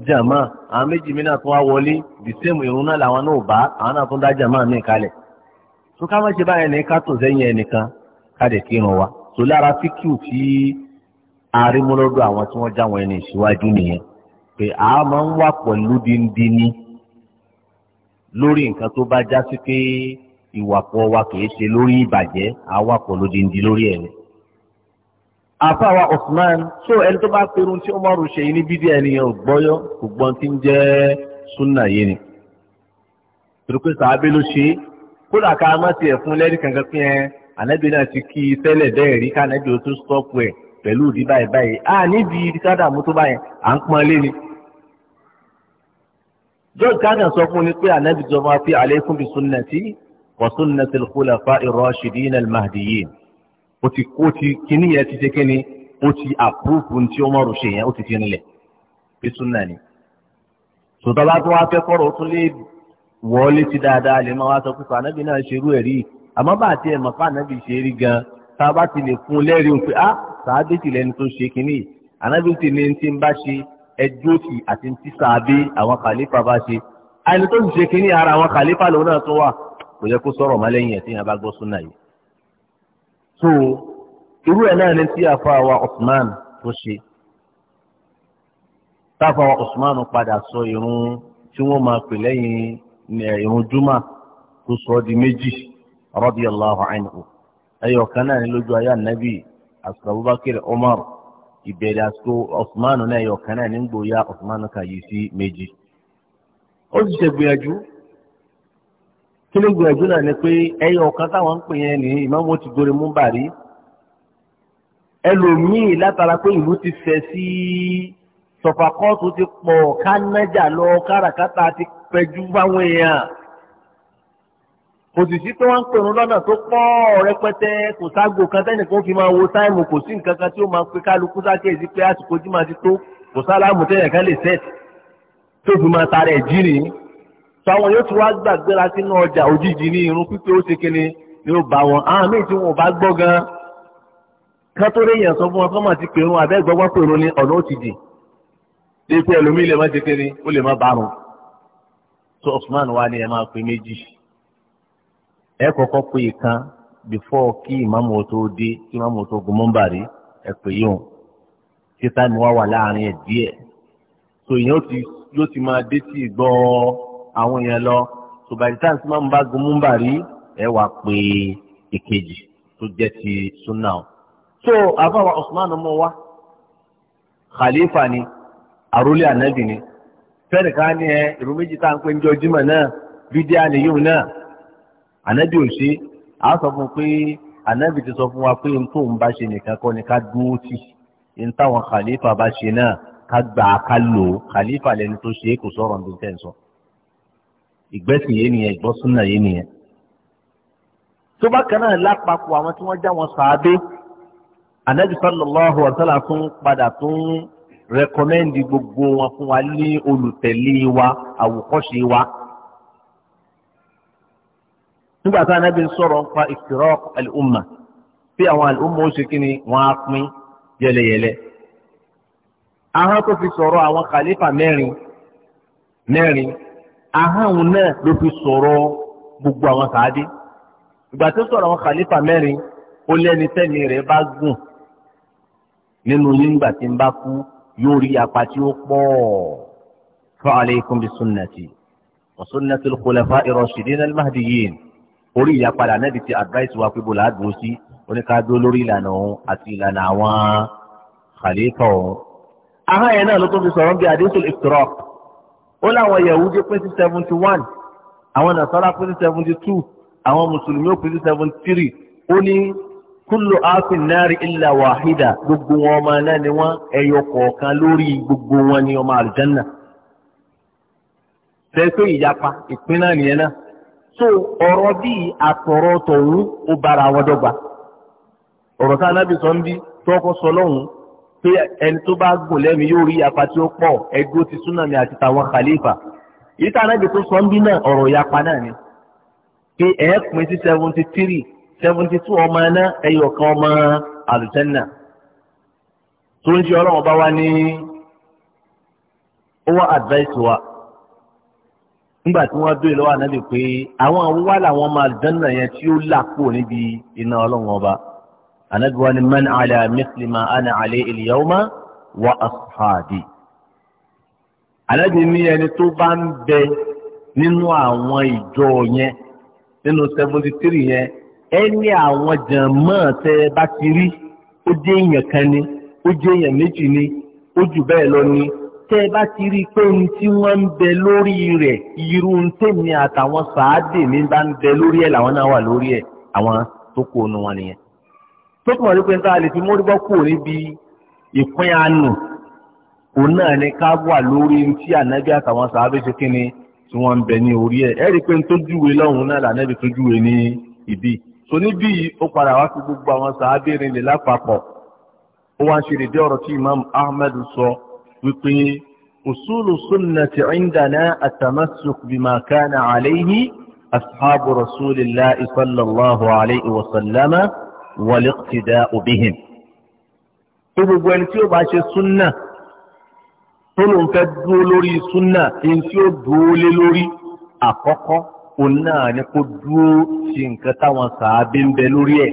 jàmá àwọn méjì mi náà tún wá wọlé the same irun náà làwọn náà bá àwọn náà tún dá jàmá mi kalẹ̀ so ká má ṣe báyẹn ní ká tó sẹ́yìn ẹnìkan ká dẹ̀ kírun wa so lára fíkìú tí arímúlọ́dọ̀ àwọn tí wọ́n já wọn ẹni ìṣíwájú nìyẹn pé a máa ń wà pẹ̀lú díndínní lórí nǹkan tó bá já sí pé ìwàpọ̀ wa kì í ṣe lórí ìbàjẹ́ àwàpọ̀ lódindi lórí ẹ̀ àfàwà Usman so ẹni tó bá perun tí Umaru ṣe yìí ní bídí ẹnìyàn gbọ́yọ́ kò gbọ́n tí ń jẹ́ súnà yìí ni torípé sàábé ló ṣe kódà ká má tiẹ̀ fún lẹ́rìí kankan pé ẹ ànábì náà ti kí i tẹ́lẹ̀ bẹ́ẹ̀ rí kánábì ó tún stọ́ọ̀pù ẹ̀ pẹ̀lú ìdí báyìí báyìí a níbi kádàmú tó báyìí à ń pọn lé ni. george kagan sọ fún mi pé ànábì jọba fi alaykum bi sunnati wa sunnati al-khulafa ó ti kó ti kíní yẹn ti ṣe kíní ó ti àpúrúfù ní tí ó mọ̀rù ṣe yẹn ó ti fi nílẹ̀ pé súnà ni. sòtọ́ bá tún wá fẹ́ kọ́rọ̀ ó tún lè wọlé sí dáadáa lè máa wá sọ pé fànábì náà ṣerú ẹ̀rí àmọ́ bá àti ẹ̀mọ́ fànábì ṣe rí gan tá a bá ti lè fún un lẹ́rìí pé ah sàábé ti lẹni tó ṣe kíní ànábì ti ní ti ń bá ṣe ẹjọ́ ti àti ti sàábé àwọn kàlífà bá ṣe àìní tó ti ṣe kíní ara àwọn kàlífà lòun náà tó wà kò yẹ kó sọ̀rọ̀ mọ́ lẹ́yìn ẹ̀ so irú ẹ̀ náà ni tí àfa wa Usman tó ṣe Usman padà sọ irun tí máa pè irun juma tó sọ di méjì radiyallahu anhu ẹyọ kan náà ni lójú ayé ànábì àsìkò Abubakar Umar ìbẹ̀rẹ̀ àsìkò Usman náà ẹyọ kan náà ní gbòòyà Usman kàyé méjì ó sì kí ló gbìyànjú náà ni pé ẹyọ ọ̀kan táwọn ń pè yẹn ní ìmáàmù ti gorí mú bàrí ẹlòmíì látara pé ìlú ti fẹ̀ sí sọ̀fàkọ́ọ̀tù ti pọ̀ kánájà lọ káràkátà ti pẹ̀jú fáwọn èèyàn kò sì sí pé wọ́n ń pèrún lọ́nà tó pọ̀ rẹpẹtẹ kò ságo kan tẹ́nìkan fi máa wo táìmù kò sí nǹkan kan tí ó máa pe kálukú sákèsí pé àsìkò jimá ti tó kò sálámù tẹ́yẹ̀ kan lè sẹ́ẹ̀tì tó fi máa tara ẹ̀ táwọn yóò tún wá gbàgbéra sínú ọjà òjijì ní irun pípé ó ṣe kíni ni ó bá wọn àwọn míì tí wọn ò bá gbọ́ gan kán tó réyàn sọ fún wọn kán máa ti pèrún abẹ́ gbọ́gbọ́ pèrún ni ọ̀nà ó ti dì dé pé ẹlòmíì lè má ṣe kíni ó lè má bárun tó Usman wá ní ẹ máa pè méjì ẹ kọ́kọ́ pé ìkan before kí ìmáàmù tó dé kí ìmáàmù tó gun mọ́mbàrí ẹ pè yóò títa ni wá wà láàrin ẹ̀ díẹ̀ so ìyẹn yóò ti máa dé sí ìgbọ́ àwọn èèyàn lọ subaitan tí máa ń bá gomúnbà rí ẹ wàá pé èkejì tó jẹ́ ti sunna o. so àfàwà Usman mọ wa khalifa ni àrólé ànábì ni fẹ́ẹ̀rẹ̀ ká ní ẹ ìrú méjì tá à ń pè ń jọ jimá náà bídíà nìyíwò náà ànábì ò ṣe á sọ fún un pé ànábì ti sọ fún wa pé n tó ń bá ṣe nìkan kọ́ ni ká dúró tì n táwọn khalifa bá ṣe náà ká gbà á ká lò ó khalifa lẹni tó ṣe é kò sọ̀rọ̀ ní tẹ̀ ìgbẹ́sìn yé nìyẹn ìgbọ́ súnà yé nìyẹn. tó bá kan náà lápapọ̀ àwọn tí wọ́n já wọn sàádé anabi sallallahu alaihi wa sallam tún padà tún rẹkọmẹ́ndì gbogbo wọn fún wa ní olùtẹ̀lé wa àwòkọ́ṣe wa. nígbà tí anabi sọ̀rọ̀ nípa iftiraq al-umma bí àwọn al ó ṣe kí ni wọ́n á pín yẹlẹyẹlẹ. ahọ́n tó fi sọ̀rọ̀ àwọn kàlífà mẹ́rin mẹ́rin ahọ́n náà ló fi sọ̀rọ̀ gbogbo àwọn sàádé ìgbà tó sọ̀rọ̀ àwọn khalifa mẹ́rin ó lẹ́ni tẹ́ni rẹ̀ bá gùn nínú yín nígbà tí ń bá kú yóò rí apá tí ó pọ̀ fa alaykum bi sunnati wa sunnati al-khulafa ar-rashidin al orí ìyàpadà náà di ti advice wa pé bọ́lá sí oníkádó lórí ìlànà òun àti ìlànà àwọn khalifa òun. ahọ́n náà ló tún fi sọ̀rọ̀ bí adéṣe ìtúrọ̀kù ó láwọn Yahudi pín sí seventy one àwọn Nasara pín sí seventy two àwọn mùsùlùmí ó pín sí seventy three ó ní kúlò áfin náírà ilà wàhídà gbogbo wọn ọmọ náà ni wọn ẹyọ kọ̀ọ̀kan lórí gbogbo wọn ni ọmọ àlùjánà fẹsọ ìyapa ìpín náà nìyẹn náà so ọ̀rọ̀ bíi àtọrọ tọhún ó bára wọn dọ́gba ọ̀rọ̀ tá a nábì sọ ń bí tọkọ sọ pé ẹni tó bá gùn lẹ́mi yóò rí yapa tí ó pọ̀ ẹgbẹ́ ti súnà mi àti tàwọn khalifa yìí tá anábì tó sọ ń bí náà ọ̀rọ̀ yapa náà ni pé ẹ̀ pín sí seventy three seventy two ọmọ ẹ̀ná ẹ̀yọ̀ kan ọmọ àlùjànnà tó ń ṣe ọlọ́run bá wá ní ó wá advice wa nígbà tí wọ́n béèrè lọ́wọ́ anábì pé àwọn wà láwọn ọmọ àlùjànnà yẹn tí ó là kúrò níbi iná ọlọ́run ọba ànábì wa ni man ala misli ma ana alayhi al-yawma wa ashabi ànábì ní ẹni tó bá ń bẹ nínú àwọn ìjọ yẹn nínú seventy three yẹn ẹni àwọn jàmọ́ tẹ bá ti rí ó jẹ́ èèyàn kan ni ó jẹ́ èèyàn méjì ni ó jù bẹ́ẹ̀ lọ ni tẹ́ bá ti rí i pé ohun tí wọ́n ń bẹ lórí rẹ̀ irú tèmi àtàwọn sàádè mi bá ń bẹ lórí ẹ̀ làwọn náà wà lórí ẹ̀ àwọn tó kú ònu wọn nìyẹn tó túmọ̀ sí pé níta lè fi mórígbọ́ kúrò níbi ìpín àánú òun náà ni ká wà lórí tí ànábì àtàwọn sàábé ṣe kí ni tí wọ́n ń bẹ ní orí ẹ̀ ẹ̀rí pé tó júwe lọ́hùn náà lànàbì tó júwe ní ìbí so níbí ó padà wá sí gbogbo àwọn sàábé rinlẹ̀ lápapọ̀ ó wá ń ṣe dédé ọ̀rọ̀ tí Imam Ahmed sọ wípé usulu sunnati indana atamasuk bima kana alayhi ashabu rasulillahi sallallahu alayhi wa sallama wal iqtida'u bihim. pé gbogbo ẹni tí ó bá ṣe súnà tó lóun fẹ́ dúró lórí súnà ẹni tí ó dúró lé lórí àkọ́kọ́ òun náà ni kó dúró ṣe nǹkan táwọn sàábé ń bẹ lórí ẹ̀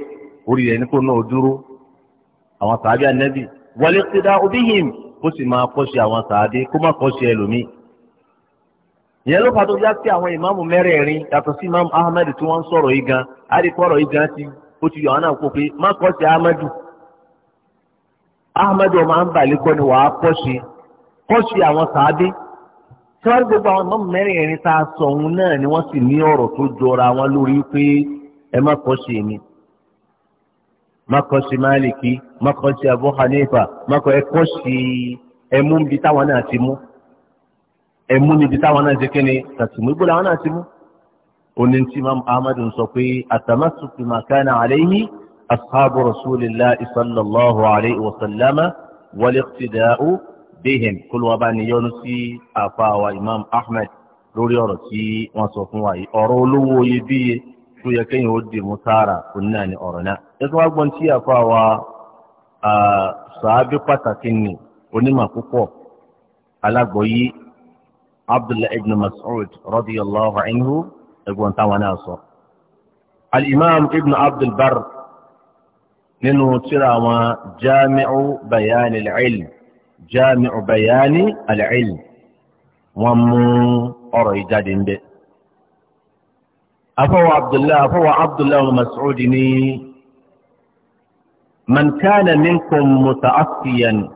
orí rẹ̀ ni kó náà dúró àwọn sàábé ànẹ́bì wal iqtida'u kó sì máa kọ́ṣe àwọn sàábé kó má kọ́ṣe ẹlòmíì ìyẹn ló fà tó já sí àwọn ìmáàmù mẹ́rẹ̀ẹ̀rin yàtọ̀ sí ìmáàmù Ahmed tí wọ́n ń sọ̀rọ̀ yìí gan àdìpọ̀rọ̀ yìí gan ti ó ti yọ náà kó pé má kọ́ sí Ahmadu Ahmadu ọmọ àǹbàlẹ̀ kọ́ ni wàá kọ́ sí kọ́ sí àwọn sàábé síwájú gbogbo àwọn ọmọ mẹ́rin ẹ̀rin tá a sọ òun náà ni wọ́n sì ní ọ̀rọ̀ tó jọra wọn lórí pé ẹ má kọ́ sí mi má kọ́ sí Maliki má kọ́ sí Abu Hanifa má kọ́ ẹ kọ́ sí ẹmú níbi táwọn náà ti mú ẹmú níbi táwọn náà ti kíni tàtìmú ìgbó làwọn náà ti mú oní tí imam ahmed ń sọ pé àtàmásù fi máa kánà àléyìn asáàbù rasulillah isallallahu alayhi wa sallama wal iqtida'u bihim kólúwa bá ní yọ́nú sí àfàwà imam ahmed lórí ọ̀rọ̀ tí wọ́n sọ fún wa yìí ọ̀rọ̀ olówó iyebíye tó yẹ kéèyàn ó di mú sára òun náà ni ọ̀rọ̀ náà ẹ tó gbọ́n tí àfàwà sàábí pàtàkì ni onímọ̀ púpọ̀ alágbọ̀yí abdullahi ibn mas'ud radiyallahu anhu. يقولون طوى ناصر الإمام ابن عبد البر لأنه ترى جامع بيان العلم جامع بيان العلم وم أريد به أفو عبد الله أفو عبد الله المسعود من كان منكم متأثيا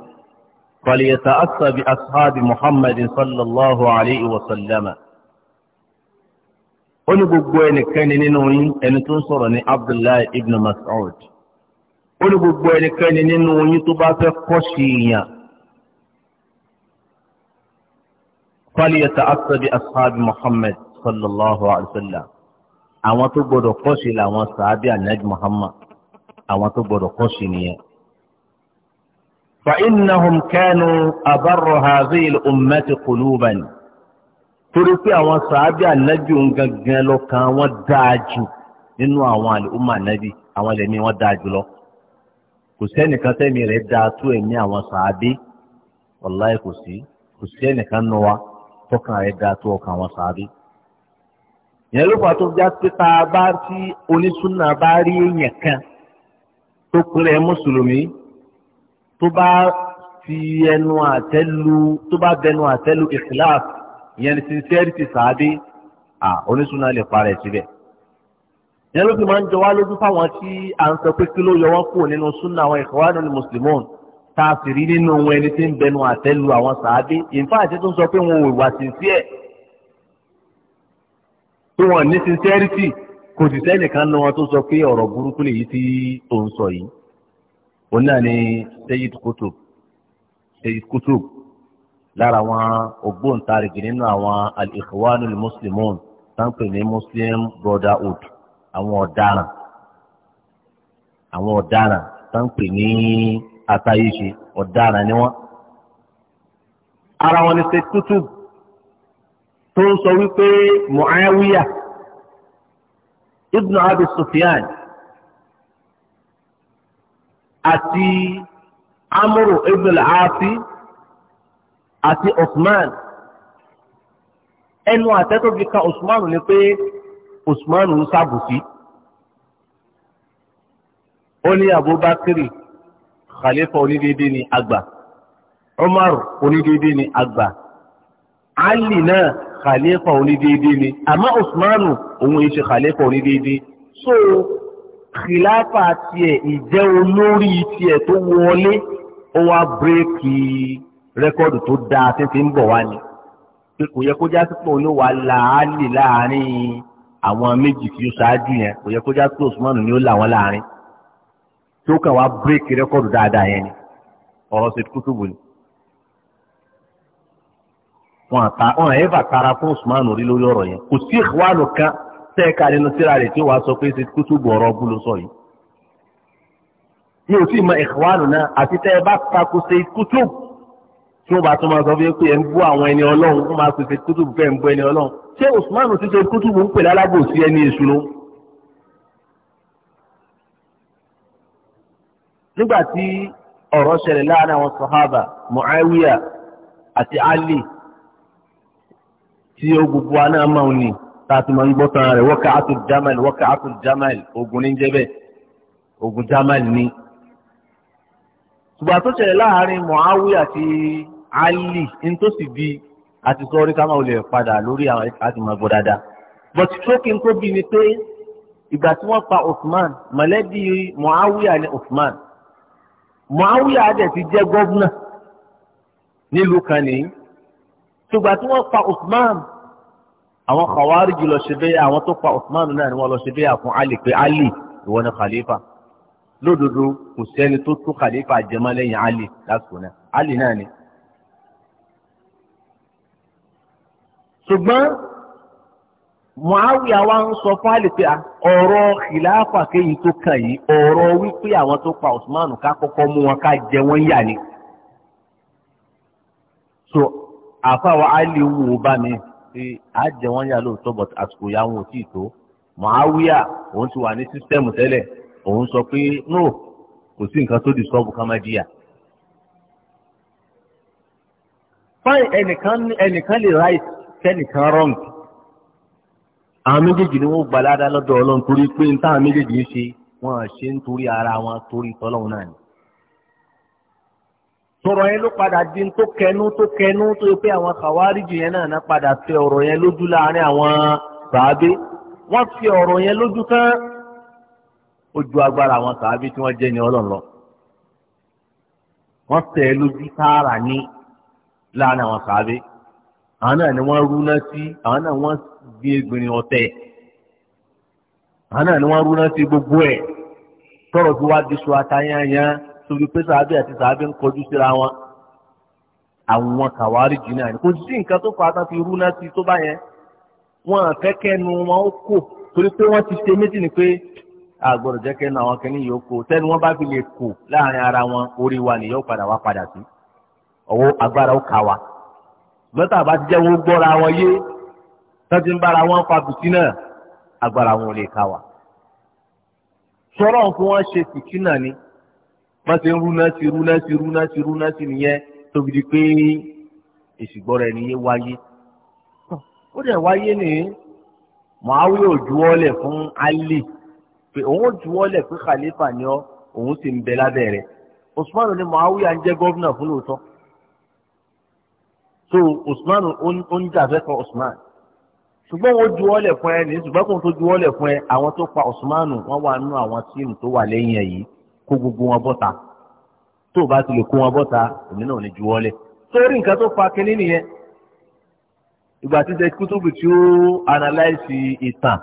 فليتأثى بأصحاب محمد صلى الله عليه وسلم Oni gbogbo gbogbo ẹnikẹ́ni nínú yín ẹni tó ń sọ̀rọ̀ ní Abdullahi ibn Mas'ud Oni gbogbo gbogbo ẹnikẹ́ni nínú yín tó bá fẹ́ kọ́ṣì èèyàn ta asọ́bi Asabi Muhammad sallallahu alaihi wa sallam àwọn tó gbọdọ̀ kọ́ṣì làwọn sàábì Anaj Muhammad àwọn tó gbọdọ̀ kọ́ṣì nìyẹn. فإنهم كانوا أبر هذه ummeti قلوبا torí pé àwọn sàábì ànábì òun gangan lọ́kàn wọn dáa jù nínú àwọn àlùmọ́ ànábì àwọn ẹlẹ́mí wọn dáa jù lọ kò sẹ́nìkan tẹ́mi rẹ̀ dáa tó ẹ̀mí àwọn sàábì wàláì kò sí kò sẹ́nìkan nù wa tọkàn rẹ̀ dáa tó ọkàn àwọn sàábì yẹn ló fà tó já pé tá a bá tí onísùnà bá rí èèyàn kan tó pinnu mùsùlùmí tó bá fi ẹnu àtẹ́ tó bá bẹnu àtẹ́ lu ìyẹn ni sincerity sàábé à onísùnà lè parẹ́ síbẹ̀ ìyẹn ló fi máa ń jọ wá lójú fáwọn tí à ń sọ pé kí ló yọ wọ́n kúrò nínú súnà àwọn Ikhwanul Muslimun tá a sì rí nínú wọn ẹni tí ń bẹnu àtẹ́ lu àwọn sàábé ìfáàtì tó ń sọ pé wọn ò wà sincere tí wọn ní sincerity kò sì sẹ́nìkan náà tó sọ pé ọ̀rọ̀ burúkú lèyí tí tó ń sọ yìí òun náà ni Sayyid Qutb Sayyid Qutb lára àwọn ògbóǹtarìgì nínú àwọn al-ikhwanul muslimun táǹpè ní muslim brotherhood àwọn ọ̀daràn àwọn ọ̀daràn táǹpè ní atayíṣe ọ̀daràn ni wọ́n. ara wọn ni ṣe tútù tó ń sọ wípé muawiya ibnu abi sufyan àti amuru ibnu al-aasi àti Usman ẹnu àtẹ́ tó fi ka Usman ni pé Usman ń ṣàbùsí ó ní Abubakar khalifa onídéédé ni àgbà Umar onídéédé ni àgbà Ali náà khalifa onídéédé ni àmọ́ Usman òun yìí ṣe khalifa onídéédé so khilafa tiẹ̀ ìjẹ́ olórí tiẹ̀ tó wọlé ó wá bírèkì rẹ́kọ́ọ̀dù tó dáa tí fi ń bọ̀ wá ni pé kò yẹ kó jásí pé òun ló wà láàálì láàrin àwọn méjì tí ó ṣáájú yẹn kò yẹ kó jásí pé Usman ni ó là wọ́n láàrin tó kàn wá bírèkì rẹ́kọ́ọ̀dù dáadáa yẹn ni ọ̀rọ̀ ṣe kútùbù ni wọn àta wọn ẹ̀fà tara fún Usman rí lórí ọ̀rọ̀ yẹn kò sí ìwánu kan tẹ́ẹ̀ka nínú síra rẹ̀ tí ó wàá sọ pé ṣe kútùbù ọ̀rọ̀ bú ló sọ yìí mi ò sì mọ ìwánu náà àti tẹ́ ẹ bá takò ṣe kútùbù tí wọ́n bá tún máa sọ fún yín pé ẹ̀ ń bú àwọn ẹni ọlọ́run wọ́n máa pèsè kútùbù fẹ́ ń bú ẹni ọlọ́run ṣé Usman ti ṣe kútùbù ń pèlè alábòsí ẹni èṣù ló. nígbà tí ọ̀rọ̀ ṣẹlẹ̀ láàrin àwọn sahaba Muawiya àti Ali tí ó gbogbo aná máa ń ní tààtì máa ń gbọ́ tán rẹ̀ wọ́kà àtúl jamal wọ́kà àtúl jamal ogun ní jẹ́bẹ̀ ogun jamal ní. ṣùgbọ́n tó láàrin Muawiya àti ali nítòsí bí àti sọrí ká máa lè padà lórí àwọn àti máa gbọ́ dáadáa but sókè ń tó bí ni pé ìgbà tí wọ́n pa Usman mọ̀lẹ́bí Muawiya ni Usman Muawiya adẹ̀ ti jẹ́ gọ́vùnà nílùú kan nìyí ṣùgbọ́n tí wọ́n pa Usman àwọn khawarij lọ ṣe bẹ́yà àwọn tó pa Usman náà ni wọ́n lọ ṣe bẹ́yà fún Ali pé Ali ìwọ ni khalifa lódodo kò sẹ́ni tó tó khalifa jẹ́mọ́ lẹ́yìn Ali lásìkò náà Ali náà ni ṣùgbọ́n muawiya wa ń sọ fún ọrọ pé ah, ọ̀rọ̀ ìlàáfà kéyìí tó kàn yìí ọ̀rọ̀ wípé àwọn tó pa usman ká kọ́kọ́ mú wọn ká jẹ wọ́n yà ni. so àfàwọ̀ àlè wù ú bá mi pé a jẹ wọ́n yà lóòótọ́ but àsìkò yà wọn ò tí ì tó òun ti wà ní sísítẹ́ẹ̀mù tẹ́lẹ̀ òun sọ pé no kò sí nǹkan tó di sọ́ọ̀bù ká má jìyà. fáìn ẹnìkan tẹ́nìkan wrong àwọn méjèèjì ni wọ́n gba ládàá lọ́dọ̀ ọlọ́run torí pé ní táwọn méjèèjì ń ṣe wọn à ṣe ń torí ara wọn torí tọ́lọ́run náà ni. sọ̀rọ̀ yẹn ló padà di tó kẹnu tó kẹnu tó yẹ pé àwọn kàwáríjì yẹn náà ná padà fẹ ọ̀rọ̀ yẹn lójú láàrin àwọn sàábé wọ́n fi ọ̀rọ̀ yẹn lójú tán ó ju agbára àwọn sàábé tí wọ́n jẹ́ ní ọlọ́run lọ. wọ́n tẹ̀ lójú tààrà ní láàrin àwọn sàábé àwọn náà ni wọ́n rúná sí àwọn náà wọ́n gbé egbìnrin ọ̀tẹ̀ àwọn náà ni wọ́n rúná sí gbogbo ẹ̀ tọrọ fi wá diṣu atayányán sórí pé sàábì àti sàábì ń kọjú síra wọn àwọn kàwárí jù náà ni kò sí nǹkan tó fàá tán fi rúná sí tó bá yẹn wọn àfẹ́kẹ́nu wọn ó kò torí pé wọ́n ti ṣe méjì ni pé àgbọ̀dọ̀ jẹ́ kẹ́nu àwọn kìíní yìí ó wọn bá fi lè kò láàrin ara wọn orí wa nìyẹn padà wá padà sí ọwọ́ agbára ó kà wá mọ́tà bá ti jẹ́ wọn gbọ́ra wọn yé tó ti ń bára wọn fa fìtínà agbára wọn ò lè ká wa. sọ̀rọ̀ ń fún wọn ṣe fìtínà ni wọ́n ti ń rúná sí rúná sí rúná sí rúná sí nìyẹn tóbi di pé ìsìgbọ́ra ẹni yé wáyé. ó dẹ̀ wáyé ni Muawiya ò juwọ́lẹ̀ fún Ali pé òun ò juwọ́lẹ̀ pé khalifa ni ọ́ òun sì ń bẹ lábẹ́ rẹ̀ Usman ni Muawiya ń jẹ́ gọ́vnà fún lóòótọ́ so usman ó ń jà fẹ́kọ̀ usman ṣùgbọ́n wọ́n ju ọ́lẹ̀ fún ẹ ní ṣùgbọ́n kò tó ju ọ́lẹ̀ fún ẹ àwọn tó pa usman wọ́n wà nínú àwọn tíìmù tó wà lẹ́yìn ẹ̀ yìí kó gbogbo wọn bọ́ta tó o bá ti lè kó wọn bọ́ta èmi náà ò ní ju ọ́lẹ̀ torí nǹkan tó fa kínní nìyẹn ìgbà tí ṣe kútùbù tí ó analyse ìtàn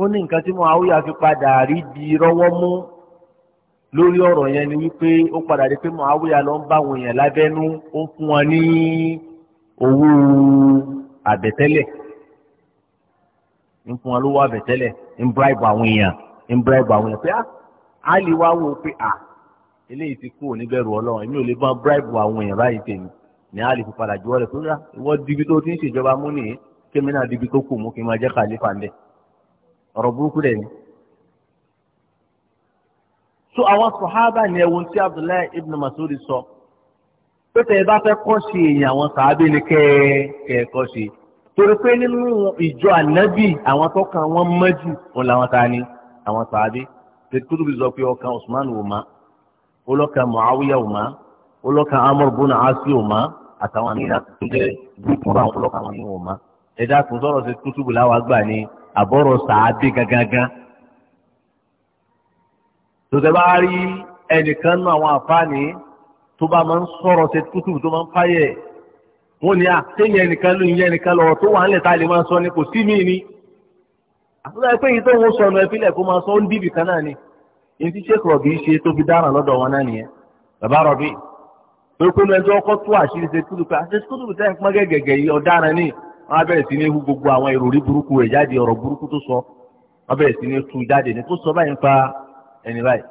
ó ní nǹkan tí mo àwòyà fi padà rí di rọ́wọ́ mú lórí ọ̀rọ̀ yẹn ni wípé ó padà di pé Muawiya lọ ń bá àwọn èèyàn lábẹ́nú ó ń fún wọn ní owó àbẹ̀tẹ́lẹ̀ ń fún wọn lówó àbẹ̀tẹ́lẹ̀ ń bribe àwọn èèyàn ń bribe àwọn èèyàn pé á ah, lè wá wò ó pé à ah, eléyìí ti kú òní bẹ̀rù ọlọ́run èmi ò lè bá bribe àwọn èèyàn báyìí tèmi ní á lè fi padà juwọ́ rẹ̀ pé rà ah, ìwọ dibi tó ti ń ṣèjọba mú nìyí kémi náà dibi tó kù mú kí n máa jẹ́ kàlífà ń bẹ̀ ọ̀rọ̀ burúkú rẹ̀ ni so àwọn sọ̀hábà ni ẹ̀wọ̀n tí Abdullahi ibn Mas'ud sọ pé tẹ̀ ẹ bá fẹ́ kọ́ ṣe èèyàn àwọn sàábì ni kẹ́ ẹ kọ́ ṣe torí pé nínú ìjọ ànábì àwọn tó kàn wọ́n mọ́jú òun làwọn ta ni àwọn sàábì tẹ̀kútùbí sọ pé ọkàn Usman wò má olọ́kàn Muawiya wò má olọ́kàn Amr Asi wò àtàwọn àmì ìlànà gbogbo àwọn olọ́kàn wọn ni wò má ẹ̀dá kùn sọ̀rọ̀ tẹ̀kútùbí láwọn àgbà ni àbọ̀rọ̀ sàábì gangan tòtẹ́ bá rí ẹnìkan nínú àwọn àfáàní tó bá máa ń sọ̀rọ̀ ṣe tútù tó máa ń fáyẹ̀ wọ́n ní àtẹ̀yìn ẹnìkan ló ń yẹ ẹnìkan lọ́wọ́ tó wà nílẹ̀ tá a lè máa sọ ni kò sí mí ni àtúntò ẹ pé èyí tó ń sọnù ẹfílẹ̀ kó máa sọ ó ń dìbì kan náà ni èyí tí sèkúrọ̀ bíi ṣe tó fi dáràn lọ́dọ̀ wọn náà nìyẹn bàbá rọ̀bì pé ẹjọ́ ní hu ẹni báyìí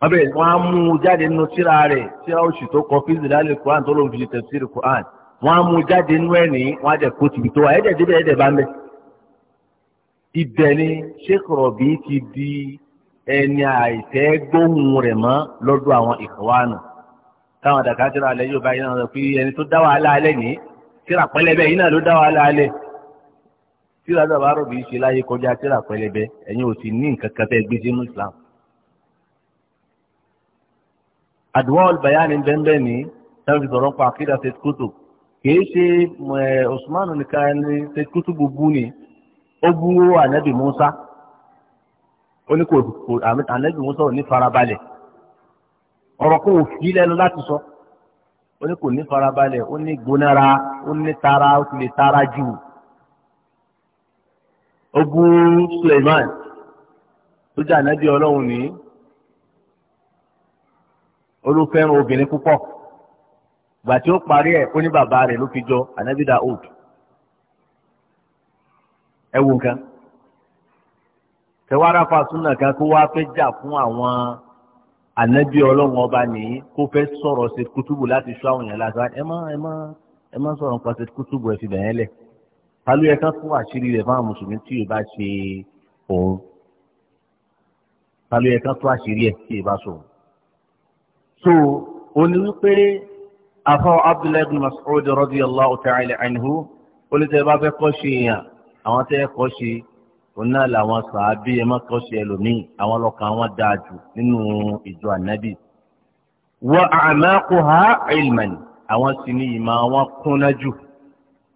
wọ́n bẹ̀rẹ̀ wọ́n á mú un jáde nínú tíra rẹ̀ tíra oṣù tó kọ fíìsì lálẹ́ Quran tó lóun fi ṣe tẹ̀síìrì Quran wọ́n á mú un jáde nínú ẹ̀ ní wọ́n á jẹ́ kó tìbí tó wà ẹ̀jẹ̀ débẹ̀ ẹ̀jẹ̀ bá ń bẹ̀. ibẹ̀ ni Sheikh ti di ẹni àìfẹ́ gbóhùn rẹ̀ mọ́ lọ́dọ̀ àwọn ìkọ̀wánu táwọn dàkátìrà alẹ́ yóò bá yín náà sọ pé ẹni tó dá wàhálà alẹ́ ní tíra pẹ́lẹ́bẹ́ yín náà ló dá wàhálà alẹ́ tíra dàbà rọ̀bì ṣe láyé kọjá tíra pẹlẹbẹ ẹ̀yin ò sì ní nǹkan kan tẹ́ gbé sínú islam. àdúrà olùbáyánì bẹ́ẹ̀ ní sẹ́wọ̀n sọ̀rọ̀ pa àkídà ṣètì kútù kìí ṣe Usman nìkan ní ṣètì kútù gbogbo ni ó bú ànábì Musa ó ní kò ànábì Musa ò ní farabalẹ̀ ọ̀rọ̀ kò fi lẹ́nu láti sọ ó ní kò ní farabalẹ̀ ó ní gbónára ó ní tara ó sì lè tara jù ogun Suleiman tó jẹ́ ànábì ọlọ́run ní olùfẹ́ràn obìnrin púpọ̀ gbà tí ó parí ẹ̀ ó ní bàbá rẹ̀ ló fi jọ ànábì Daud ẹ wo nǹkan tẹwàá rafa súnà kan kó wá fẹ́ jà fún àwọn ànábì ọlọ́run ọba nìyí kó fẹ́ sọ̀rọ̀ ṣe kútùbù láti ṣọ́ àwọn èèyàn lásán ẹ má ẹ má ẹ má sọ̀rọ̀ nípa ṣe kútùbù ẹ fi bẹ̀yẹn lẹ̀ ta ló yẹ ká fún àṣírí rẹ̀ fáwọn mùsùlùmí tí yóò bá ṣe òun ta ló yẹ ká fún àṣírí ẹ̀ tí yóò bá ṣe òun. so òní wípé afọ abdullahi bin mas'ud radiyallahu ta'ala anhu olùtẹ̀ bá fẹ́ kọ́ ṣe èèyàn àwọn tẹ́ kọ́ ṣe òun náà làwọn sàábì ẹ má kọ́ ṣe ẹlòmíì àwọn ọlọ́kàn wọn dáa jù nínú ìjọ ànábì. wọ́n àmọ́ kó ha ilman àwọn sì ni ìmọ̀ àwọn kúnná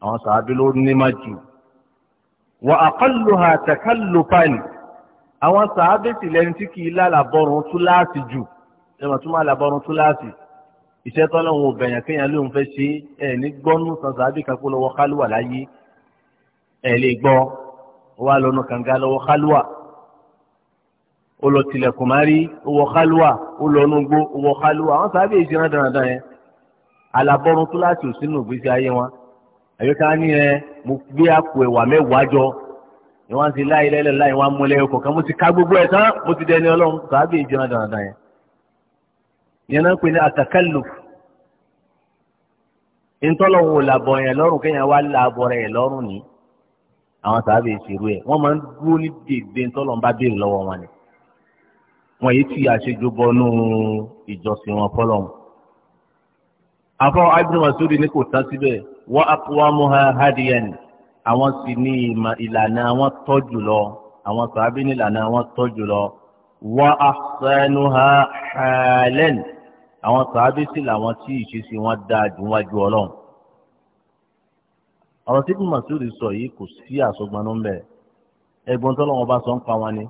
àwọn sàábí ló ní má jù wà aqalluha takallufan àwọn sàábí sì lẹni tí kì í lálàbọrùn túláàsì jù ẹmọ tó má làbọrùn túláàsì iṣẹ́ tọ́lọ́hún ò bẹ̀yàn kéèyàn lóun fẹ́ ṣe ẹ̀ ní gbọ́nú san sàábí kan kó lọ́wọ́ kálùwà láyé ẹ̀ lè gbọ́ wà lọ́nu kànga lọ́wọ́ kálùwà ó lọ tilẹ̀kùn máa rí owó kálùwà ó lọ nùgbó owó kálùwà àwọn sàábí ìṣẹ́ náà dáradára yẹn alàbọrùn túláàsì ò sínú ìgbésí ayé wọn àyíká ní ẹ mo gbé àpò ẹ̀wà mẹ́wàá jọ ni wọ́n ti láyé lẹ́lẹ̀ láyé wọ́n amúlẹ̀ ọkọ̀ kan mo ti ka gbogbo ẹ̀ tán mo ti dẹni ọlọ́run sàábì ìjọba dandan yẹn yẹn náà ń pè ní àtàkàlù ntọ́lọ́hún làbọ̀ yẹn lọ́rùn kéèyàn wá làbọ̀ rẹ̀ lọ́rùn ni àwọn sàábì ìṣèlú ẹ̀ wọ́n máa ń dúró ní dèdè ntọ́lọ́hún bá béèrè lọ́wọ́ wọn ni wọn yìí ti àṣejúbọnú ìjọsìn wọn fọlọ́hún afọ abdul masudi ní kò tán síbẹ̀ wa aqwamuha hadiyan àwọn sì ní ìlànà àwọn tọ́ jùlọ àwọn sàábí ní ìlànà àwọn tọ́ jùlọ wa ahsanuha halan àwọn sàábí sì làwọn tí ìṣesí wọn dáa jù wájú ọlọ́run ọ̀rọ̀ tí bímọ sí òrìṣọ yìí kò sí àsọgbọnú mbẹ ẹgbọn tó lọ́wọ́ bá sọ ń pa wọn ni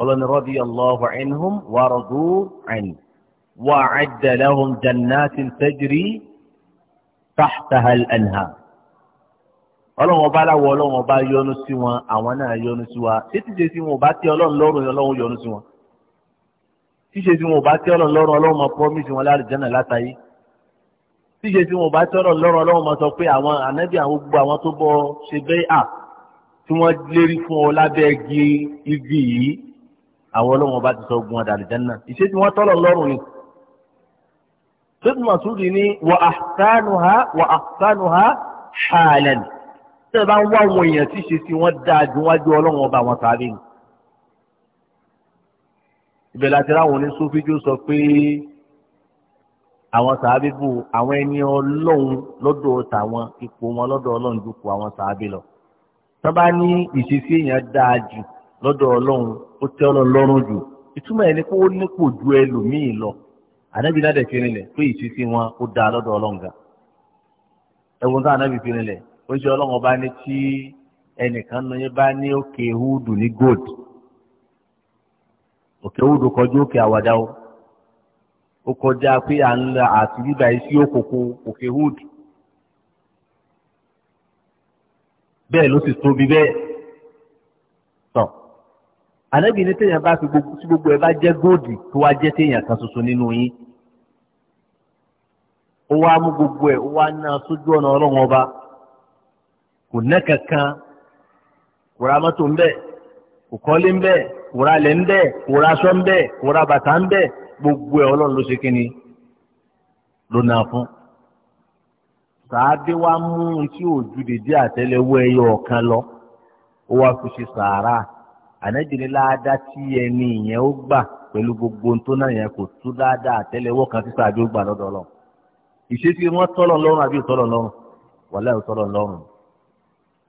ọlọ́ni radiyallahu anhum wa radu anhu wa adda lahum jannatin tajri tahtaha al-anhar ọlọ́run ọba aláwọ̀ ọlọ́run ọba yọ́nú sí wọn àwọn náà yọ́nú sí wa títí ṣe sí wọn ò bá tẹ́ ọlọ́run lọ́rùn ọlọ́run yọ́nú sí wọn ṣíṣe tí wọn ò bá tẹ́ ọ̀rọ̀ lọ́rọ̀ ọlọ́run máa promise wọn lárìjánà látàyé ṣíṣe tí wọn ò bá tẹ́ ọ̀rọ̀ lọ́rọ̀ ọlọ́run máa sọ pé àwọn ànábì àwọn gbogbo àwọn tó bọ́ ṣe bẹ́ẹ̀ à tí wọ́n lérí fún ọ lábẹ́ igi igi yìí àwọn ọlọ́run ọba ti sọ gun ọ̀dà àlìjánà ìṣe tí sọ́dún masudi ni wà ahsanuha wà ahsanuha halan tí a bá ń wá àwọn èèyàn tí ṣe sí wọn dáa ju wájú ọlọ́run ọba àwọn sáré ni. ìbẹ̀rẹ̀ àti ráwọn oníṣòfíjú sọ pé àwọn sàábí bù àwọn ẹni ọlọ́run lọ́dọ̀ tàwọn ipò wọn lọ́dọ̀ ọlọ́run ju kù àwọn sàábí lọ. tí bá ní ìṣesí èèyàn dáa lọ́dọ̀ ọlọ́run ó tẹ́ ọlọ́run lọ́rùn jù ìtumọ̀ ẹni pé ó nípò ànábì náà dẹ̀ fi rinlẹ̀ pé ìṣesí wọn ó dáa lọ́dọ̀ ọlọ́ǹga ẹ̀wọ̀n tó ànábì fi rinlẹ̀ ó ṣe ọlọ́run ọba ní tí ẹnìkan nu yín bá ní òkè húdù ní gold òkè húdù kọjú òkè àwàdà o ó kọjá pé à ń lọ àti bíbá yìí sí òkòkò òkè húdù bẹ́ẹ̀ ló sì tóbi bẹ́ẹ̀ tán ànábì ní téèyàn bá fi gbogbo ẹ bá jẹ́ góòdì tó wá jẹ́ téèyàn kan ṣoṣo nínú yín ó wá mú gbogbo ẹ̀ ó wá ná sójú ọ̀nà ọlọ́run ọba kò ná kankan kò ra mọ́tò ń bẹ̀ kò kọ́lé ń bẹ̀ kò lẹ̀ ń bẹ̀ kò aṣọ ń bẹ̀ bàtà ń gbogbo ọlọ́run wa mú un tí ẹyọ lọ ó wá fi ṣe sàárà ànájìnrín tí ẹni ìyẹn ó gbà gbogbo ohun tó náà kò tú kan tí sàádé ó gbà ìṣesí wọn tọ́lọ̀ lọ́rùn àbí ìtọ́lọ̀ lọ́rùn wàláhì ìtọ́lọ̀ lọ́rùn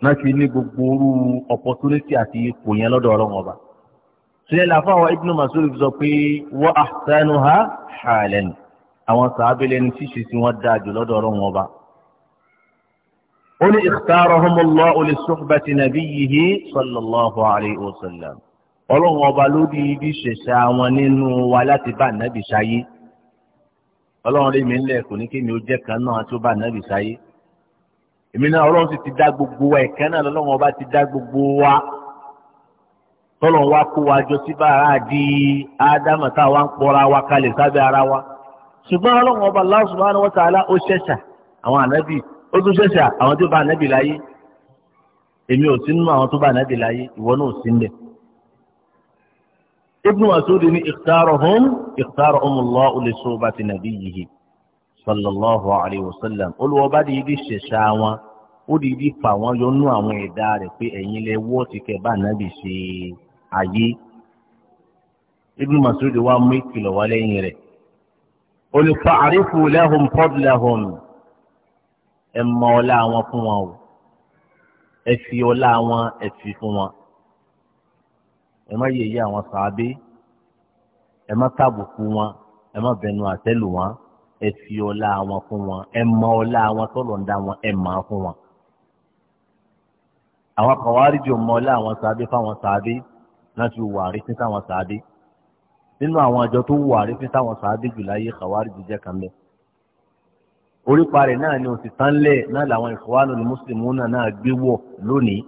náà ti ní gbogbo orú opportunity àti ipò yẹn lọ́dọ̀ ọlọ́run ọba sílẹ̀ làfáwọn Ibn Mas'ud sọ pé wọ́n àtẹnu ha ṣàlẹ̀ nù àwọn sàábẹ̀lẹ̀ ní ṣíṣe tí wọ́n dáa jù lọ́dọ̀ ọlọ́run ọba ó ní ikhtarahumullahu li suhbati nabiyyihi sallallahu alayhi wa sallam ọlọ́run ọba ló di ibi ṣẹ̀ṣẹ̀ àwọn nínú wa láti bá nàbì ṣáyé ọlọ́run rí mi ńlẹ̀ kò ní kí mi ó jẹ́ kan náà tó bá nàbì sáyé èmi náà ọlọ́run sì ti dá gbogbo wa ẹ̀kan náà lọ́lọ́run ọba ti dá gbogbo wa tọ́lọ́run wa kó wa jọ sí bàrà di ádámà tá a wá ń pọ́ra wa kalẹ̀ sábẹ́ ara wa ṣùgbọ́n ọlọ́run ọba Allah subhanahu wa ta'ala ó ṣẹ̀ṣà àwọn ànábì ó tún ṣẹ̀ṣà àwọn tó bá ànábì láyé èmi ò sí nínú àwọn tó bá ànábì láyé ìwọ náà ò sí nílẹ̀ ibnu masudi ni ikhtarahum ikhtarahum allahu li suhbati nabiyyihi sallallahu alayhi wa sallam olùwọ́ba di ibi ṣẹ̀ṣà wọn ó di ibi fà wọ́n yọnú àwọn ẹ̀dá rẹ̀ pé ẹ̀yin lẹ wọ́ ti kẹ́ bá nàbì ṣe ayé ibnu masudi wa mú ìkìlọ̀ wá lẹ́yìn rẹ̀ olùfà àrífù lẹ́hùn fọ́dùlẹ́hùn ẹ̀ mọ ọlá wọn fún wọn o ẹ fi ọlá wọn ẹ fi fún wọn ẹ má yẹ̀yẹ́ àwọn sàábé ẹ má tàbùkù wọn ẹ má bẹnu àtẹ́lù wọn ẹ fi ọlá wọn fún wọn ẹ mọ ọlá wọn tọ́lọ̀ ń dá wọn ẹ mọ̀ fún wọn. àwọn kọ̀wárìjì ò mọ ọlá àwọn sàábé fáwọn sàábé náà ti wà rí sí sáwọn sàábé nínú àwọn àjọ tó wà rí sí sáwọn sàábé jù láyé kọ̀wárìjì jẹ́ kan bẹ́ẹ̀ orípa rẹ̀ náà ni òsì tánlẹ̀ náà làwọn Ikhwanul Muslimuna náà gbé wọ̀ lónìí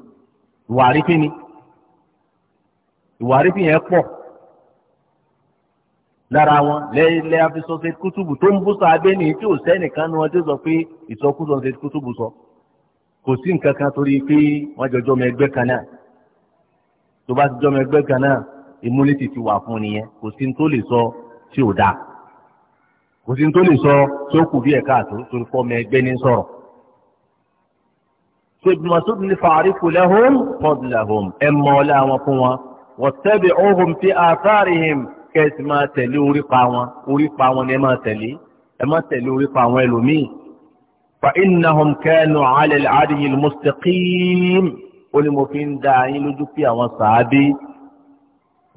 wà rí kí ni ìwà àrífì yẹn pọ̀ lára wọn lẹ́yìnlẹ́ afisọ́sẹ́ kútùbù tó ń bú sábẹ́ ní tí ò sẹ́nìkan ni wọ́n ti sọ pé ìsọkúsọ ṣe kútùbù sọ kò sí nǹkan kan torí pé wọ́n jọjọ́ ọmọ ẹgbẹ́ kan náà tó bá ti jọ́ ọmọ ẹgbẹ́ kan náà immunity ti wà fún nìyẹn kò sí ní tó lè sọ tí ò dáa kò sí tó lè sọ tí ó kù bí ẹ̀ka àtò torí fọ́ ọmọ ẹgbẹ́ ní sọ̀rọ̀ ṣe ìgbìmọ̀ fàárí fúlẹ̀ hóm wattabi'uhum fi atharihim kẹ́ ẹ sì máa tẹ̀lé orípa wọn orípa wọn ni ẹ máa tẹ̀lé ẹ máa tẹ̀lé orípa àwọn ẹlòmíì. fa innahum kanu ala al-'adyi al-mustaqim ó ní mo fi ń da yín lójú pé àwọn sàábé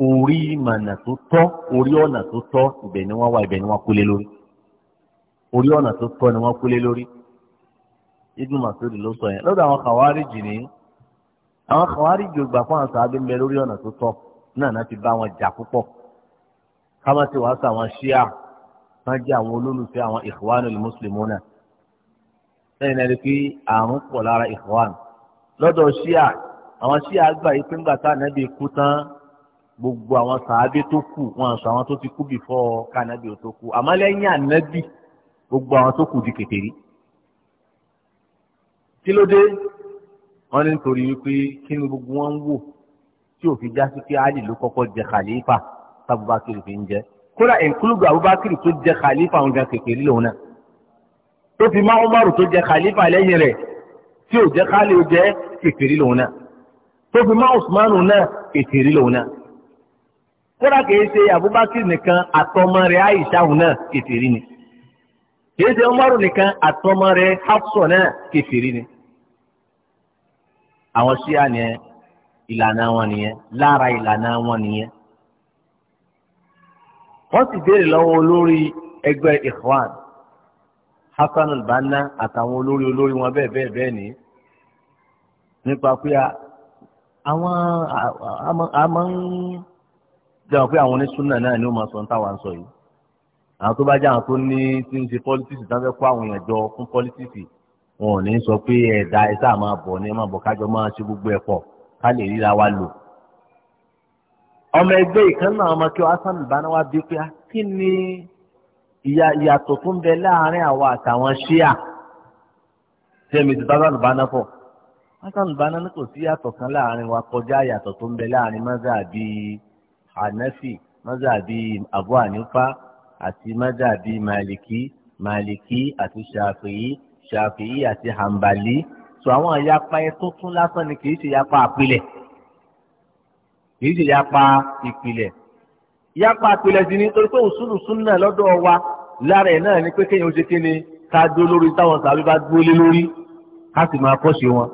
orí ìmọ̀nà tó tọ́ orí ọ̀nà tó tọ́ ibẹ̀ ni wọ́n wá ibẹ̀ ni wọ́n kúlé lórí orí ọ̀nà tó tọ́ ni wọ́n kúlé lórí Ibn Mas'ud ló sọ yẹn lọ́dọ̀ àwọn kàwárí jì ní àwọn kàwárí jògbà fún àwọn sàábí ń bẹ lórí ọ̀nà tó tọ́ náà náà ti bá wọn jà púpọ̀ káwọn ti wàá sàwọn ṣíà wọn jẹ́ àwọn olólùfẹ́ àwọn Ikhwanul Muslimuna lẹ́yìn náà rí pé àrùn pọ̀ lára Ikhwan lọ́dọ̀ ṣíà àwọn ṣíà gbà yí pé ńgbà tá ànábì kú tán gbogbo àwọn sàábí tó kù wọn sọ àwọn tó ti kú bìfọ́ kánábì ò tó kú àmọ́ lẹ́yìn ànábì gbogbo àwọn tó kù di kèfèrí kí wọ́n ní nítorí wípé kí ni gbogbo wọn ń wò tí ò fi já sí pé ali ló kọ́kọ́ jẹ khalifa tábùbákiri fi ń jẹ kódà ìnkúlùgbò abubakar tó jẹ khalifa òun gan kékeré lòun náà tó fi má umaru tó jẹ khalifa lẹ́yìn rẹ̀ tí ò jẹ khali ó jẹ kékeré lòun náà tó fi má usmanu náà kékeré lòun náà kódà kìí ṣe abubakar nìkan àtọmọ rẹ̀ aisha òun náà kékeré ni kìí ṣe umaru nìkan àtọmọ rẹ̀ hafsọ náà kékeré ni àwọn ṣíà nìyẹn ìlànà wọn nìyẹn lára ìlànà wọn nìyẹn. wọ́n sì béèrè lọ́wọ́ olórí ẹgbẹ́ Ikhwan Hassan al-Banna àtàwọn olórí olórí wọn bẹ́ẹ̀ bẹ́ẹ̀ bẹ́ẹ̀ ni nípa pé àwọn àmọ́ ń jẹun pé àwọn oníṣúná náà ni ó máa sọ ń táwa ń sọ yìí àwọn tó bá jẹ́ àwọn tó ní tí ń ṣe pọ́lítíìsì tán fẹ́ kó àwọn èèyàn jọ fún pọ́lítíìsì wọn ò ní sọ pé ẹ̀dá ẹ sáà máa bọ̀ ní ẹ máa bọ̀ kájọ máa ṣe gbogbo ẹ̀ pọ̀ ká lè ríra wa lò. ọmọ ẹgbẹ́ ìkan náà ọmọ kí hasan ìbáná wa bí pé ah, kí ni ìyàtọ̀ tó ń bẹ láàárín àwa àtàwọn ṣíà tẹ̀mí ti hasan ìbáná fọ̀ hasan ìbáná ní kò sí yàtọ̀ kan láàárín wa kọjá yàtọ̀ tó ń bẹ láàárín mọ́sàbí hanafi mọ́sàbí abu hanifa àti mọ́sàbí maliki maliki àti shafi'i ṣàfihì àti hàǹbàlì sọ àwọn ìyapa ẹ tó tún lásán ni kì í ṣe ìyapa àpilẹ̀ kì í ṣe ìyapa ìpìlẹ̀ ìyapa àpilẹ̀ sì ni torí pé òṣùlù súnà lọ́dọ̀ wa lára ẹ̀ náà ni pé kéèyàn ó ṣe kíni ká dó lórí táwọn sàbí bá dúró lé lórí ká sì máa kọ́ wọn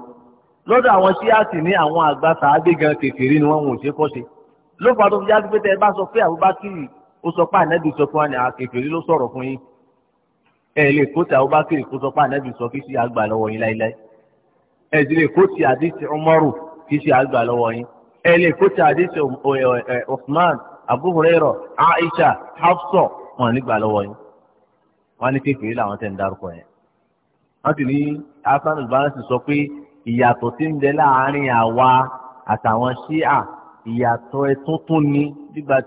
lọ́dọ̀ àwọn ṣíàsì ní àwọn àgbà sàábé gan kékeré ni wọ́n wò ṣe kọ́ ṣe ló fà tó fi jáde pé tẹ́ ẹ bá sọ pé àbúbákírì ó sọ pé ànẹ́bí sọ fún wa ní àkékeré ló sọ̀rọ̀ fún yín ẹ lè kó tí Abubakar kó sọ pé ànábì sọ kí ṣe àgbà lọ́wọ́ yín láíláí ẹ sì lè kó tí àdìsí Umaru kí ṣe àgbà lọ́wọ́ yín ẹ lè kó tí àdìsí Uthman Abu Huraira Aisha Hafsa wọn nígbà lọ́wọ́ yín wọn ní kékeré làwọn tẹ̀ ń dárúkọ yẹn wọn sì ní Hasan al-Banna sọ pé ìyàtọ̀ tí ń bẹ láàárín àwa àtàwọn ṣíà ìyàtọ̀ ẹ̀tún tún ni nígbà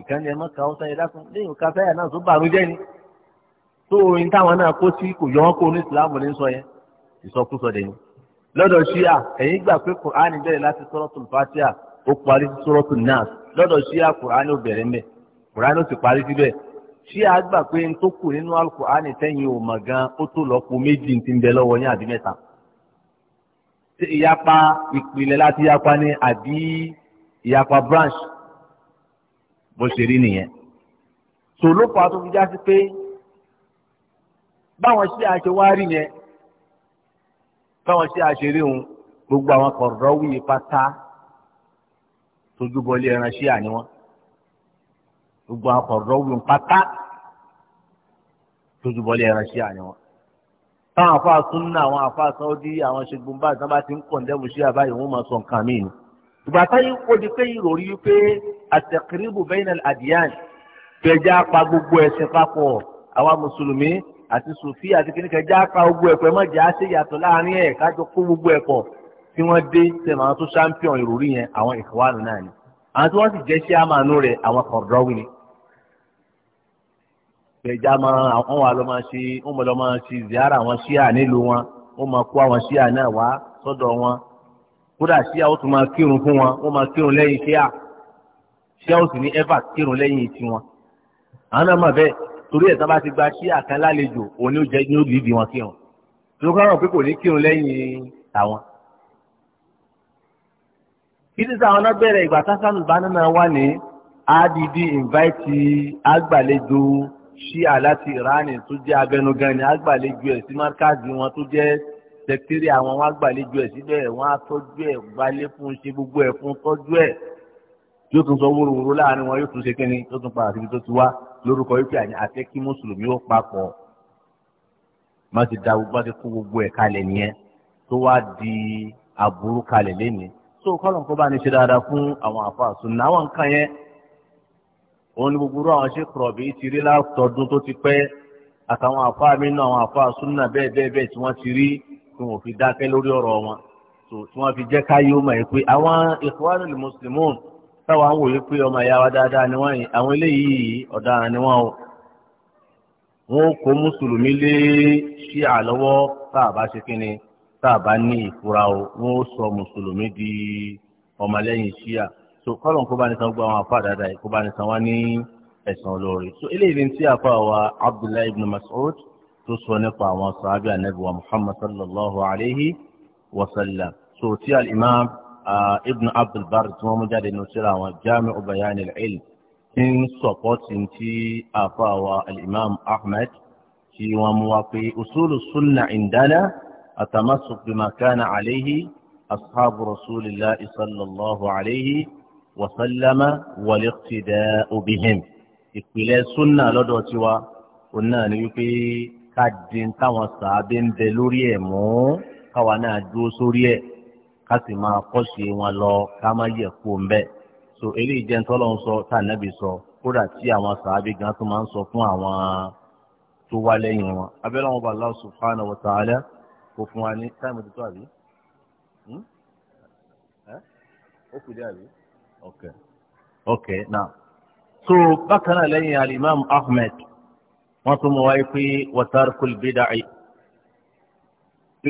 ìkànnì ẹ̀ mọ́ ka Hausa yẹn dákun lẹ́yìn òkà fẹ́yà náà tó bàrújẹ́ ni tó orin táwọn náà kó sí kò yọ wọn kó ní ìsìlámù ní sọ yẹn ìsọkúsọ dẹni. lọ́dọ̀ ṣíà ẹ̀yin gbà pé kùránì bẹ̀rẹ̀ láti suratul Fatiha ó parí sí suratul Nas lọ́dọ̀ ṣíà kùránì ó bẹ̀rẹ̀ mẹ́ kùránì ó sì parí síbẹ̀ ṣíà gbà pé n tó kù nínú alukùránì tẹ́yìn ò mọ̀ gan ó tó lọ́pọ̀ méjì ti ń bẹ lọ́wọ́ yín àbí mẹ́ta ìyapa ìpìlẹ̀ láti yapa ní àbí ìyapa branch bó ṣe rí nìyẹn tò ló fà á tó fi já sí pé báwọn ṣe àṣẹ wá rí yẹn báwọn ṣe àṣẹ rí òun gbogbo àwọn kọ̀ọ̀rọ̀ wíyí pátá tójú bọlé ẹran ṣíà ni wọn gbogbo àwọn kọ̀ọ̀rọ̀ wíyí pátá tójú bọlé ẹran ṣíà ni wọn táwọn afáàsùn náà àwọn afáàsùn ó àwọn ṣègùn bá àtàwọn bá ti ń kọ̀ǹdẹ́mù ṣíà báyìí wọ́n máa sọ nǹkan míì ni ìgbà táyé ó di pé ìròrí wípé àtẹ̀kìrìbù bainal adyan kẹjá pa gbogbo ẹ̀sìn papọ̀ àwa mùsùlùmí àti sùfí àti kìnìún kẹjá pa gbogbo ẹ̀pọ̀ ẹ̀ má jẹ́ àṣẹ yàtọ̀ láàrin ẹ̀ kájọ kó gbogbo ẹ̀pọ̀ tí wọ́n dé sẹ́mi àwọn tó champion ìròrí yẹn àwọn ìfọwọ́nù náà ni àwọn tí wọ́n sì jẹ́ ṣíàmánú rẹ̀ àwọn kọ̀ọ̀dọ́wì ni. kẹjá máa àwọn wà lọ́ máa ṣe wọ́n mọ̀ lọ́ máa ṣe ziyara àwọn ṣíà nílùú wọn wọ́n máa kó àwọn ṣíà náà wá sọ́dọ̀ wọn kódà ṣíà ó tún máa kírun fún wọn wọ́n máa kírun lẹ́yìn ṣíà ṣíà ó sì ní ẹ́fà kírun lẹ́yìn tiwọn àwọn náà mà bẹ́ẹ̀ torí ẹ̀ sábà ti gba ṣíà kan lálejò òun ni ó jẹ́ ní ó dìídì wọn kírun tó kọ́ àwọn pé kò ní kírun lẹ́yìn tàwọn. títí táwọn náà bẹ̀rẹ̀ ìgbà sásánù bánú wà ní àdìdí ìnváìtì àgbàlejò ṣíà láti ìránì tó jẹ́ abẹnugan ní àgbàlejò ẹ̀ sí márkàzì wọn tó jẹ́ sẹkítírì àwọn wọn agbàlejò ẹ̀ síbẹ̀ wọn atọ́jú ẹ̀ gbalé fún ṣe gbogbo ẹ̀ fún tọ́jú ẹ̀ yóò tún sọ wóróworó láàrin wọn yóò tún ṣe kínní tó tún padà síbi tó ti wá lórúkọ yóò fi àyè àti kí mùsùlùmí ó papọ̀ má ti da má ti kó gbogbo ẹ̀ kalẹ̀ nìyẹn tó wá di aburú kalẹ̀ lẹ́nìí tó kọ́lọ̀ kó bá ní ṣe dáadáa fún àwọn àfáà sùnnà àwọn nǹkan yẹn òun ni gbogbo àwọn ṣe kọ̀rọ̀bì ti rí látọdún tó ti pẹ́ àtàwọn àfáà mi náà àwọn àfáà sùnnà bẹ́ẹ̀ bẹ́ẹ̀ bẹ́ẹ̀ tí wọ́n ti rí tí wọn fi dákẹ́ lórí ọ̀rọ̀ wọn tó tí wọn fi jẹ́ káyé ó mọ̀ ẹ́ pé àwọn Ikhwanul Muslimun táwọn àwọn òye pé ọmọ ìyá wa dáadáa ni wọ́n yìí àwọn eléyìí ọ̀daràn ni wọ́n o wọn kó mùsùlùmí lé ṣíà lọ́wọ́ tá a bá ṣe kínni tá a bá ní ìfura o wọn ó sọ mùsùlùmí di ọmọlẹ́yìn ṣíà so kọ́lọ̀ kó bá ní san gbọ́ àwọn afá dáadáa kó bá ní san wá ní ẹ̀sán olóore so eléyìí ni tí àfa wa Abdullahi ibn masoud tó sọ nípa àwọn sàábì ànábì wa muhammad sallallahu alayhi wa sallam so tí al-imam ibn abdul bar tí wọ́n mú jáde nù síra àwọn jami'u bayan al-ilm tí ń sọ̀pọ́tì tí àfa wa al-imam ahmed tí wọ́n mú wá pé usulu sunna indana atamasuk bima kana alayhi ashabu rasulillahi sallallahu alayhi wa sallama wal-iqtida'u bihim ìpìlẹ̀ sunna lọ́dọ̀ tiwa òun náà ni wípé. ká di táwọn sàábé ń bẹ lórí ẹ̀ mú káwa náà dúró sórí ẹ̀ wọn lọ ká má so eléyìí jẹ́ ntọ́lọ́ ń sọ tá ànábì sọ kódà tí àwọn sàábé gan tó máa ń sọ fún àwọn tó wá lẹ́yìn wọn. wọn wa fún wa ní táìmù tuntun àbí hmm? ó kù dé so bákan náà alimami Ahmed wọ́n tún mọ̀ wáyé pé watarkul bid'ah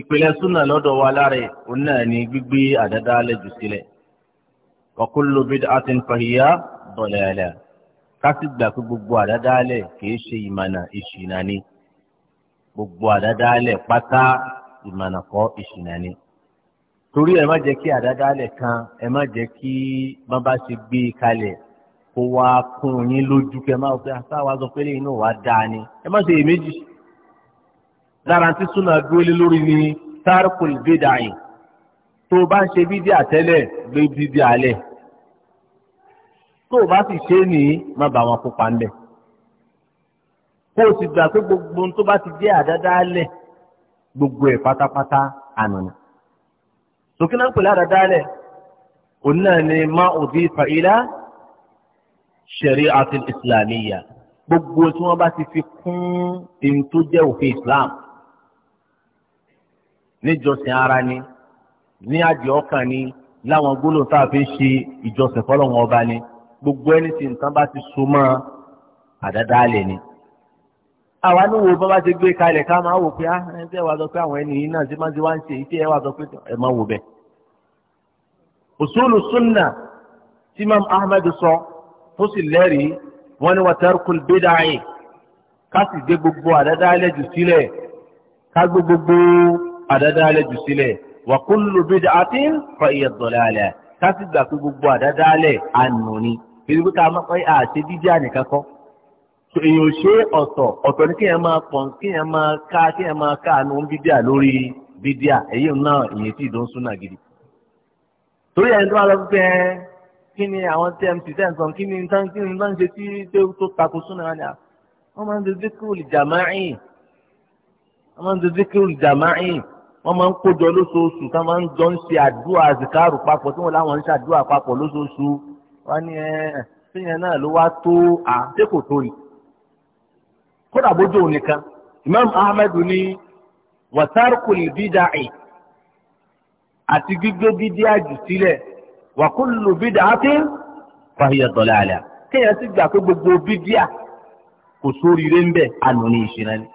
ìpìlẹ̀ súnà lọ́dọ̀ wa lára òun náà ni gbígbé àdáda lẹ́jù sílẹ̀ wa kullu bid'atin fahiya dalalah kásì gbà pé gbogbo àdáda lẹ̀ kìí ṣe ìmànà ìṣìnà ni gbogbo àdáda lẹ̀ pátá ìmànà kọ́ ìṣìnà ni torí ẹ má jẹ́ kí àdáda lẹ̀ kan ẹ má jẹ́ kí bàbá ṣe gbé kalẹ̀ kó wá kún yín lójú kẹ máa fẹ àtàwọn aṣọ ah, pélé iná wàá dáa ni ẹ má ṣe èméjì lára tí súnà dúró lé lórí ni tarkul bid'ah tó o bá ń ṣe bídí àtẹlẹ gbé bídí alẹ tó o bá sì ṣe é nìyí má bá wọn kópa ńlẹ kó o sì gbà pé gbogbo tó bá ti jẹ àdádálẹ̀ gbogbo ẹ̀ pátápátá ànànà sókè náà pèlè àdádálẹ̀ òun náà ni má òbí fàyílá shari'ati islamiyya gbogbo tí wọ́n bá ti fi kún ẹni tó jẹ́ òfin islam níjọsìn ara ni ní àjẹ ọkàn ni láwọn gbólóhùn tá a fi ń ṣe ìjọsìn fọlọ́wọn ọba ni gbogbo ẹni tí nǹkan bá ti so mọ́ àdádálẹ̀ ni. àwa ní wo bábá ti gbé kalẹ̀ ká máa wò pé á ah, ẹ jẹ́ wàá sọ pé àwọn ẹni yìí náà ṣe máa ń ṣe wá ń ṣe iṣẹ́ ẹ wàá sọ pé ẹ máa wò bẹ́ẹ̀. usulu sunna tí Imam Ahmed sọ. So, tó sì lẹ́rìí wọ́n ní wàtẹ́rùkùl bídàáyì ká sì gbé gbogbo àdádálẹ̀ jù sílẹ̀ ká gbé gbogbo àdádálẹ̀ jù sílẹ̀ wa kullu bid'atin fa hiya dalalah ká sì gbà pé gbogbo àdádálẹ̀ ànú ni èyí pé ká máa pẹ́ àṣẹ dídí ànìkan kọ́ so èyàn ṣe ọ̀tọ̀ ọ̀tọ̀ ni kéèyàn máa pọ̀ kéèyàn máa ká kéèyàn máa ká àánú bídíà lórí bídíà èyí náà ìyẹn tí ìdó kí ni àwọn tmc tẹ̀sán kí ni tán kí ni tán ṣe tí tó takò súnà wọn ni à wọ́n máa ń ṣe zikrul jama'i wọ́n máa ń ṣe zikrul jama'i wọ́n máa ń kójọ lóṣooṣù tá máa ń jọ ń ṣe àdúrà zikaru papọ̀ tí wọ́n láwọn ń ṣàdúrà papọ̀ lóṣooṣù wọ́n ní ẹ náà ló wá tó à ṣé kò tó kódà bójú òun nìkan Imam Ahmed ní wàtárùkù ìbídàì àti gbígbé bídíà jù sílẹ̀ wa kullu bid'atin fa hiya dalalah kéèyàn sì gbà pé gbogbo bídíà kò sóríire ń bẹ àná ni ìṣìnà ni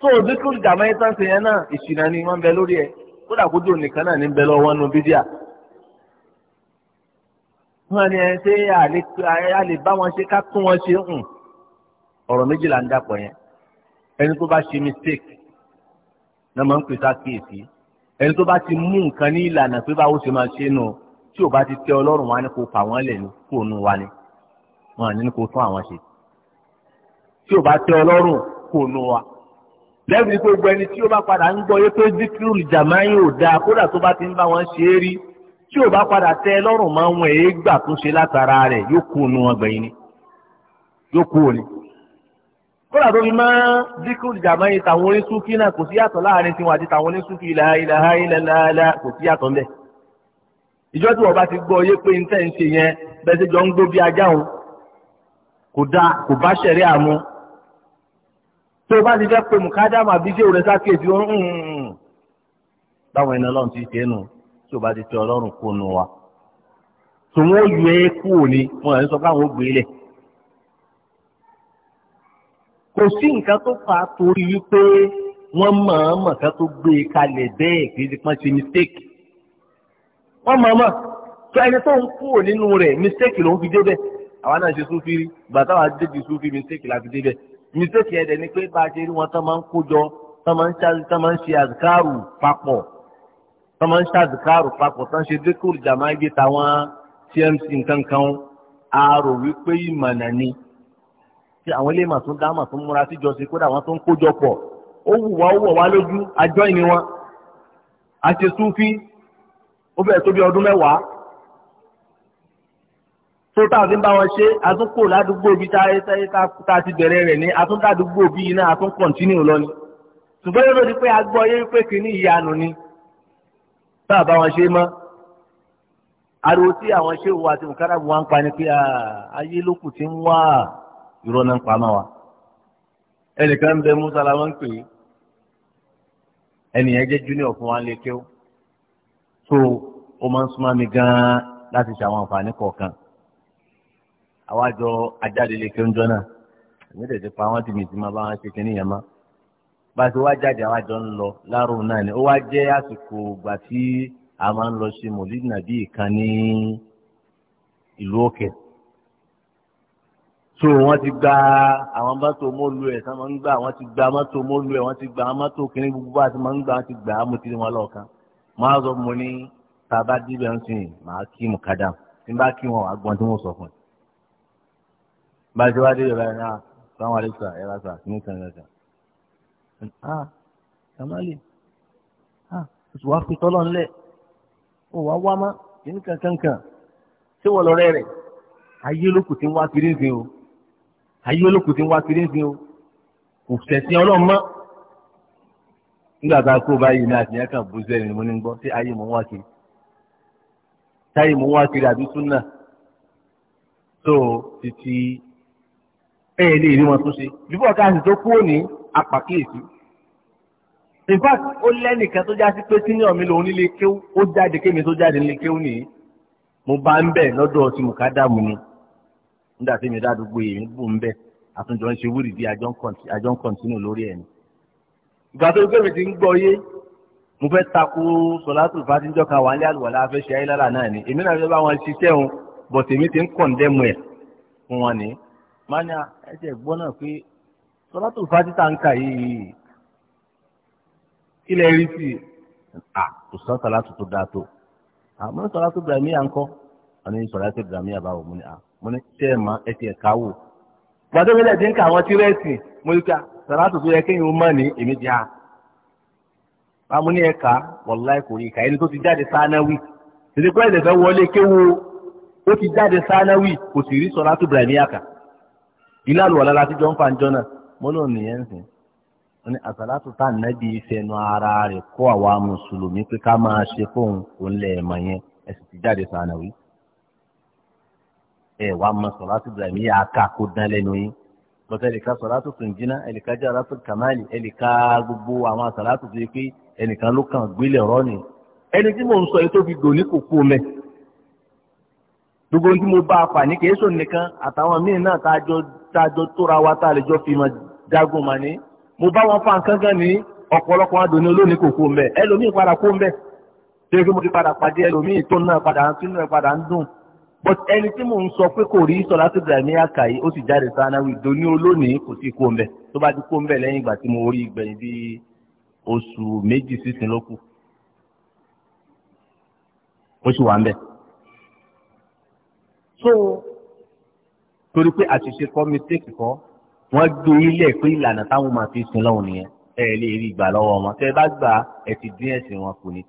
tó o dínkù ìdààmú ayé tán ṣe yẹn náà ìṣìnà ni wọn bẹ lórí ẹ kódà kó dùn nìkan náà ní bẹ lọ́wọ́ nù bídíà wọn ni ẹ ṣe a lè bá wọn ṣe ká tún wọn ṣe hùn ọ̀rọ̀ méjìlá ń dàpọ̀ yẹn ẹni tó bá ṣe mistake náà máa ń pèsè àkíyèsí ẹni tó bá ti mú nǹkan ní ìlànà pé báwo ṣe máa ṣe nù. No tí ò bá ti tẹ ọlọ́run wa ni kò fà wọ́n lẹ̀ ní kò nu wa ni wọn ní kò tún àwọn ṣe tí ò bá tẹ ọlọ́run kò nu wa lẹ́yìn tó gbọ́ ẹni tí ó bá padà ń gbọ́ yé pé zikiru jamani ò dáa kódà tó bá ti ń bá wọn ṣe é rí tí ò bá padà tẹ lọ́rùn máa ń wọ̀n èé gbà tó ṣe látara rẹ̀ yóò kú ònu wọn gbẹ̀yìn ni yóò kú òní. kódà tó fi máa zikiru jamani tàwọn oníṣúfì náà kò sí yàtọ̀ láàrin tiwọn àti tàwọn oníṣúfì ilaha ilaha ilaha kò sí yàtọ̀ mbẹ́ ìjọ tí wọ́n bá ti gbọ́ yé pé ntẹ́ ń ṣe yẹn bẹ́ẹ̀ sì jọ ń gbó bí ajá o kò dáa kò bá ṣẹ̀rí àmú tó o bá ti fẹ́ pe mùkádàmù àbíṣe rẹ sákèjì ó ń báwọn ẹni ọlọ́run ti ṣe é nù tí o bá ti tẹ ọlọ́run kó nu wa tó wọn yọ ẹ kú òní wọn à ń sọ fáwọn ògbé e lẹ kò sí nǹkan tó fà torí wípé wọ́n mọ̀ọ́mọ̀ kan tó gbé e kalẹ̀ bẹ́ẹ̀ kì í ti pọ́n ṣe mistake wọ́n mọ̀ mọ̀ tó ẹni tó ń kúrò nínú rẹ̀ mistake ló ń fi débẹ̀ àwa náà ṣe súnfìrí bàtà wa débi súnfìrí mistake la fi débẹ̀ mistake yẹn dẹ̀ ni pé bá a ṣe rí wọn tán máa ń kójọ tán máa ń ṣe àzìkárù papọ̀ tán máa ń ṣe àzìkárù papọ̀ tán ṣe dékòrò jàmáà gbé tàwọn tmc nǹkan kan a rò wípé ìmọ̀nà ni tí àwọn ilé màá dá màá múra síjọ sí kódà wọn tó ń kójọ pọ̀ ó wù wá ó wọ̀ wá lójú àjọ ìní wọn àṣetúfí ó fẹ́ tó bí ọdún mẹ́wàá tó táwọn ti ń bá wọn ṣe àtúnkò ládùúgbò bíi tá a ti bẹ̀rẹ̀ rẹ̀ ní àtúndàdúgbò bíi iná àtúnkọ̀ntínú lọ ni ṣùgbọ́n yóò lòdì pé agbọ́ yé pé kìíní ìyanu ni tá bá wọn ṣe mọ́ ariwo tí àwọn ṣe wo àti mùkáràbù wa ń pa ni pé ayé lókù ti ń wá ìrọ̀ náà ń pamọ́ wa ẹnìkan ń bẹ musa la wọn ń pè é ẹnìyẹn jẹ́ junior fún wa ń lè kéwọ́ so ó máa ń súnmọ́ mi gan-an láti ṣàwọn àǹfààní kọ̀ọ̀kan àwájọ ajáde lè kí oúnjẹ náà èmi tẹ̀ ti pa wọ́n ti mi ti máa bá wọn ṣe kínní yẹn mọ́ bá a ti wá jáde àwájọ ń lọ láàárọ̀ náà ni ó wá jẹ́ àsìkò ìgbà tí a máa ń lọ ṣe mòlídìí nàbí ìkan ní ìlú òkè so wọ́n ti gba àwọn mọ́tò mọlù ẹ sáwọn ń gbà wọ́n ti gba mọ́tò mọlù ẹ wọ́n ti gba mọ́tò kínní gbogbo àti wọ́n ń gbà wọ́n ti gbà á mo ti wọn lọọkan máa sọ mo ní tá a bá díbẹ̀ ń sìn máa kí mùkádà tí n bá kí wọn àgbọn tí wọn sọ fún un. bá a ṣe wá díbẹ̀ báyìí náà sáwọn àlejò ẹ bá sọ àti nìkan nìkan. ah kamali ah oṣù wa fi tọ́lọ̀ ńlẹ̀ ó wá wá má kíní kankankan ṣé wọ́n lọ rẹ́ rẹ̀ ayé olókù ti ń wá kiri ń sìn o ayé olókù ti ń wá kiri ń sìn o kò fẹ̀sìn ọlọ́run mọ́ nígbà tá a kó báyìí náà àtìyàn kan bú sẹ́yìn mo ní gbọ́ sí ayé mo ń wá kiri táyé mo ń wá kiri àbí súnà tó títí ẹ lè rí wọn tún ṣe bíbọ̀ káàsì tó kú òní apàkíyèsí in fact ó lẹ́nìkan tó já sí pé senior mi lòun nílé kéwú ó jáde kémi tó jáde nílé kéwú nìyí mo bá ń bẹ̀ lọ́dọ̀ tí mo ká dààmú ni nígbà tí mi dádúgbò yìí ń bù ń bẹ̀ àtúnjọ ń ṣe wúrì bí àjọ ń kọ̀ǹtínú lórí ẹ̀ ni ìgbà tó gbé mi ti ń gbọ́ yé mo fẹ́ takò sọ̀látù fàtíjọ́ kan wà ní àlùwàlá afẹ́ ṣe ayélujára náà ni èmi náà fẹ́ bá wọn ṣiṣẹ́ òun bọ̀ tèmi ti ń kọ̀ǹdẹ́mù ẹ̀ fún wọn ni máa ní ẹsẹ̀ gbọ́ náà pé sọ̀látù fàtíjọ́ ń kà yìí kí lè rí sí i à kò sọ sọ̀látù tó dáa tó àmọ́ sọ̀látù Ibrahimiyya ń kọ́ àní sọ̀látù Ibrahimiyya báwo mo ní à mo ní ṣé ẹ̀ ẹ̀ sàlátù tó yẹ kéèyàn mọ̀ ní èmi ti ha bámu ní ẹ̀ka wàláì kò rí ìka ẹni tó ti jáde sánáwì tètè pẹ́ ìdẹ̀fẹ́ wọlé kéwo ó ti jáde sánáwì kò sì rí sọ̀rọ̀ àtúbìrà ní àkà ilé àlùwàlá láti jọ ń fa ǹjọ́ náà mo lóun nìyẹn sìn ó ní àsàlátù tá nàbí ìfẹnu ara rẹ̀ kó àwa mùsùlùmí pé ká máa ṣe fóun òun lẹ̀ ẹ̀mọ̀ yẹn ẹ̀ sì ti jáde sánáwì ẹ̀ wàá mọ sọ̀rọ̀ àtúbìrà ní kó dán lẹ́nu yín bọ́tà ẹnìkan sọ̀ràtù kùnjínà ẹnìkan jẹ́ àràtù kàmáàlì ẹnìkan gbogbo àwọn àsàràtù tó yẹ pé ẹnìkan ló kàn gbélé ọ̀rọ̀ ni ẹni tí mò ń sọ yìí tó fi dòní kò kú mẹ́ gbogbo tí mo bá a fà ní kì í sọ nìkan àtàwọn míì náà tá a jọ tóra wa tá a lè jọ fi máa jagun mà ní mo bá wọn fa nǹkan ní ọ̀pọ̀lọpọ̀ wọn dòní olóòní kò kú ẹlòmíì padà kú mẹ́ ṣé mo ti padà pàdé ẹlòmíì tó náà padà ń tún náà padà ń dùn but ẹni tí mò ń sọ pé kò rí sọlátù ibrahimiya kà yìí ó sì jáde sanawi doni olónìí kò sí kó ń bẹ tó bá ti kó ń bẹ lẹ́yìn ìgbà tí mo rí ìgbẹ̀yìn bí oṣù méjì sísìn ló ó sì wà ń bẹ. so torí pé àṣìṣe kọ́ mistake kọ́ wọ́n gbé ilé pé ìlànà táwọn máa fi sin lọ́wọ́ nìyẹn ẹ lè rí ìgbà lọ́wọ́ wọn tẹ́ bá gbà ẹ ti dín ẹ̀sìn wọn kù ni.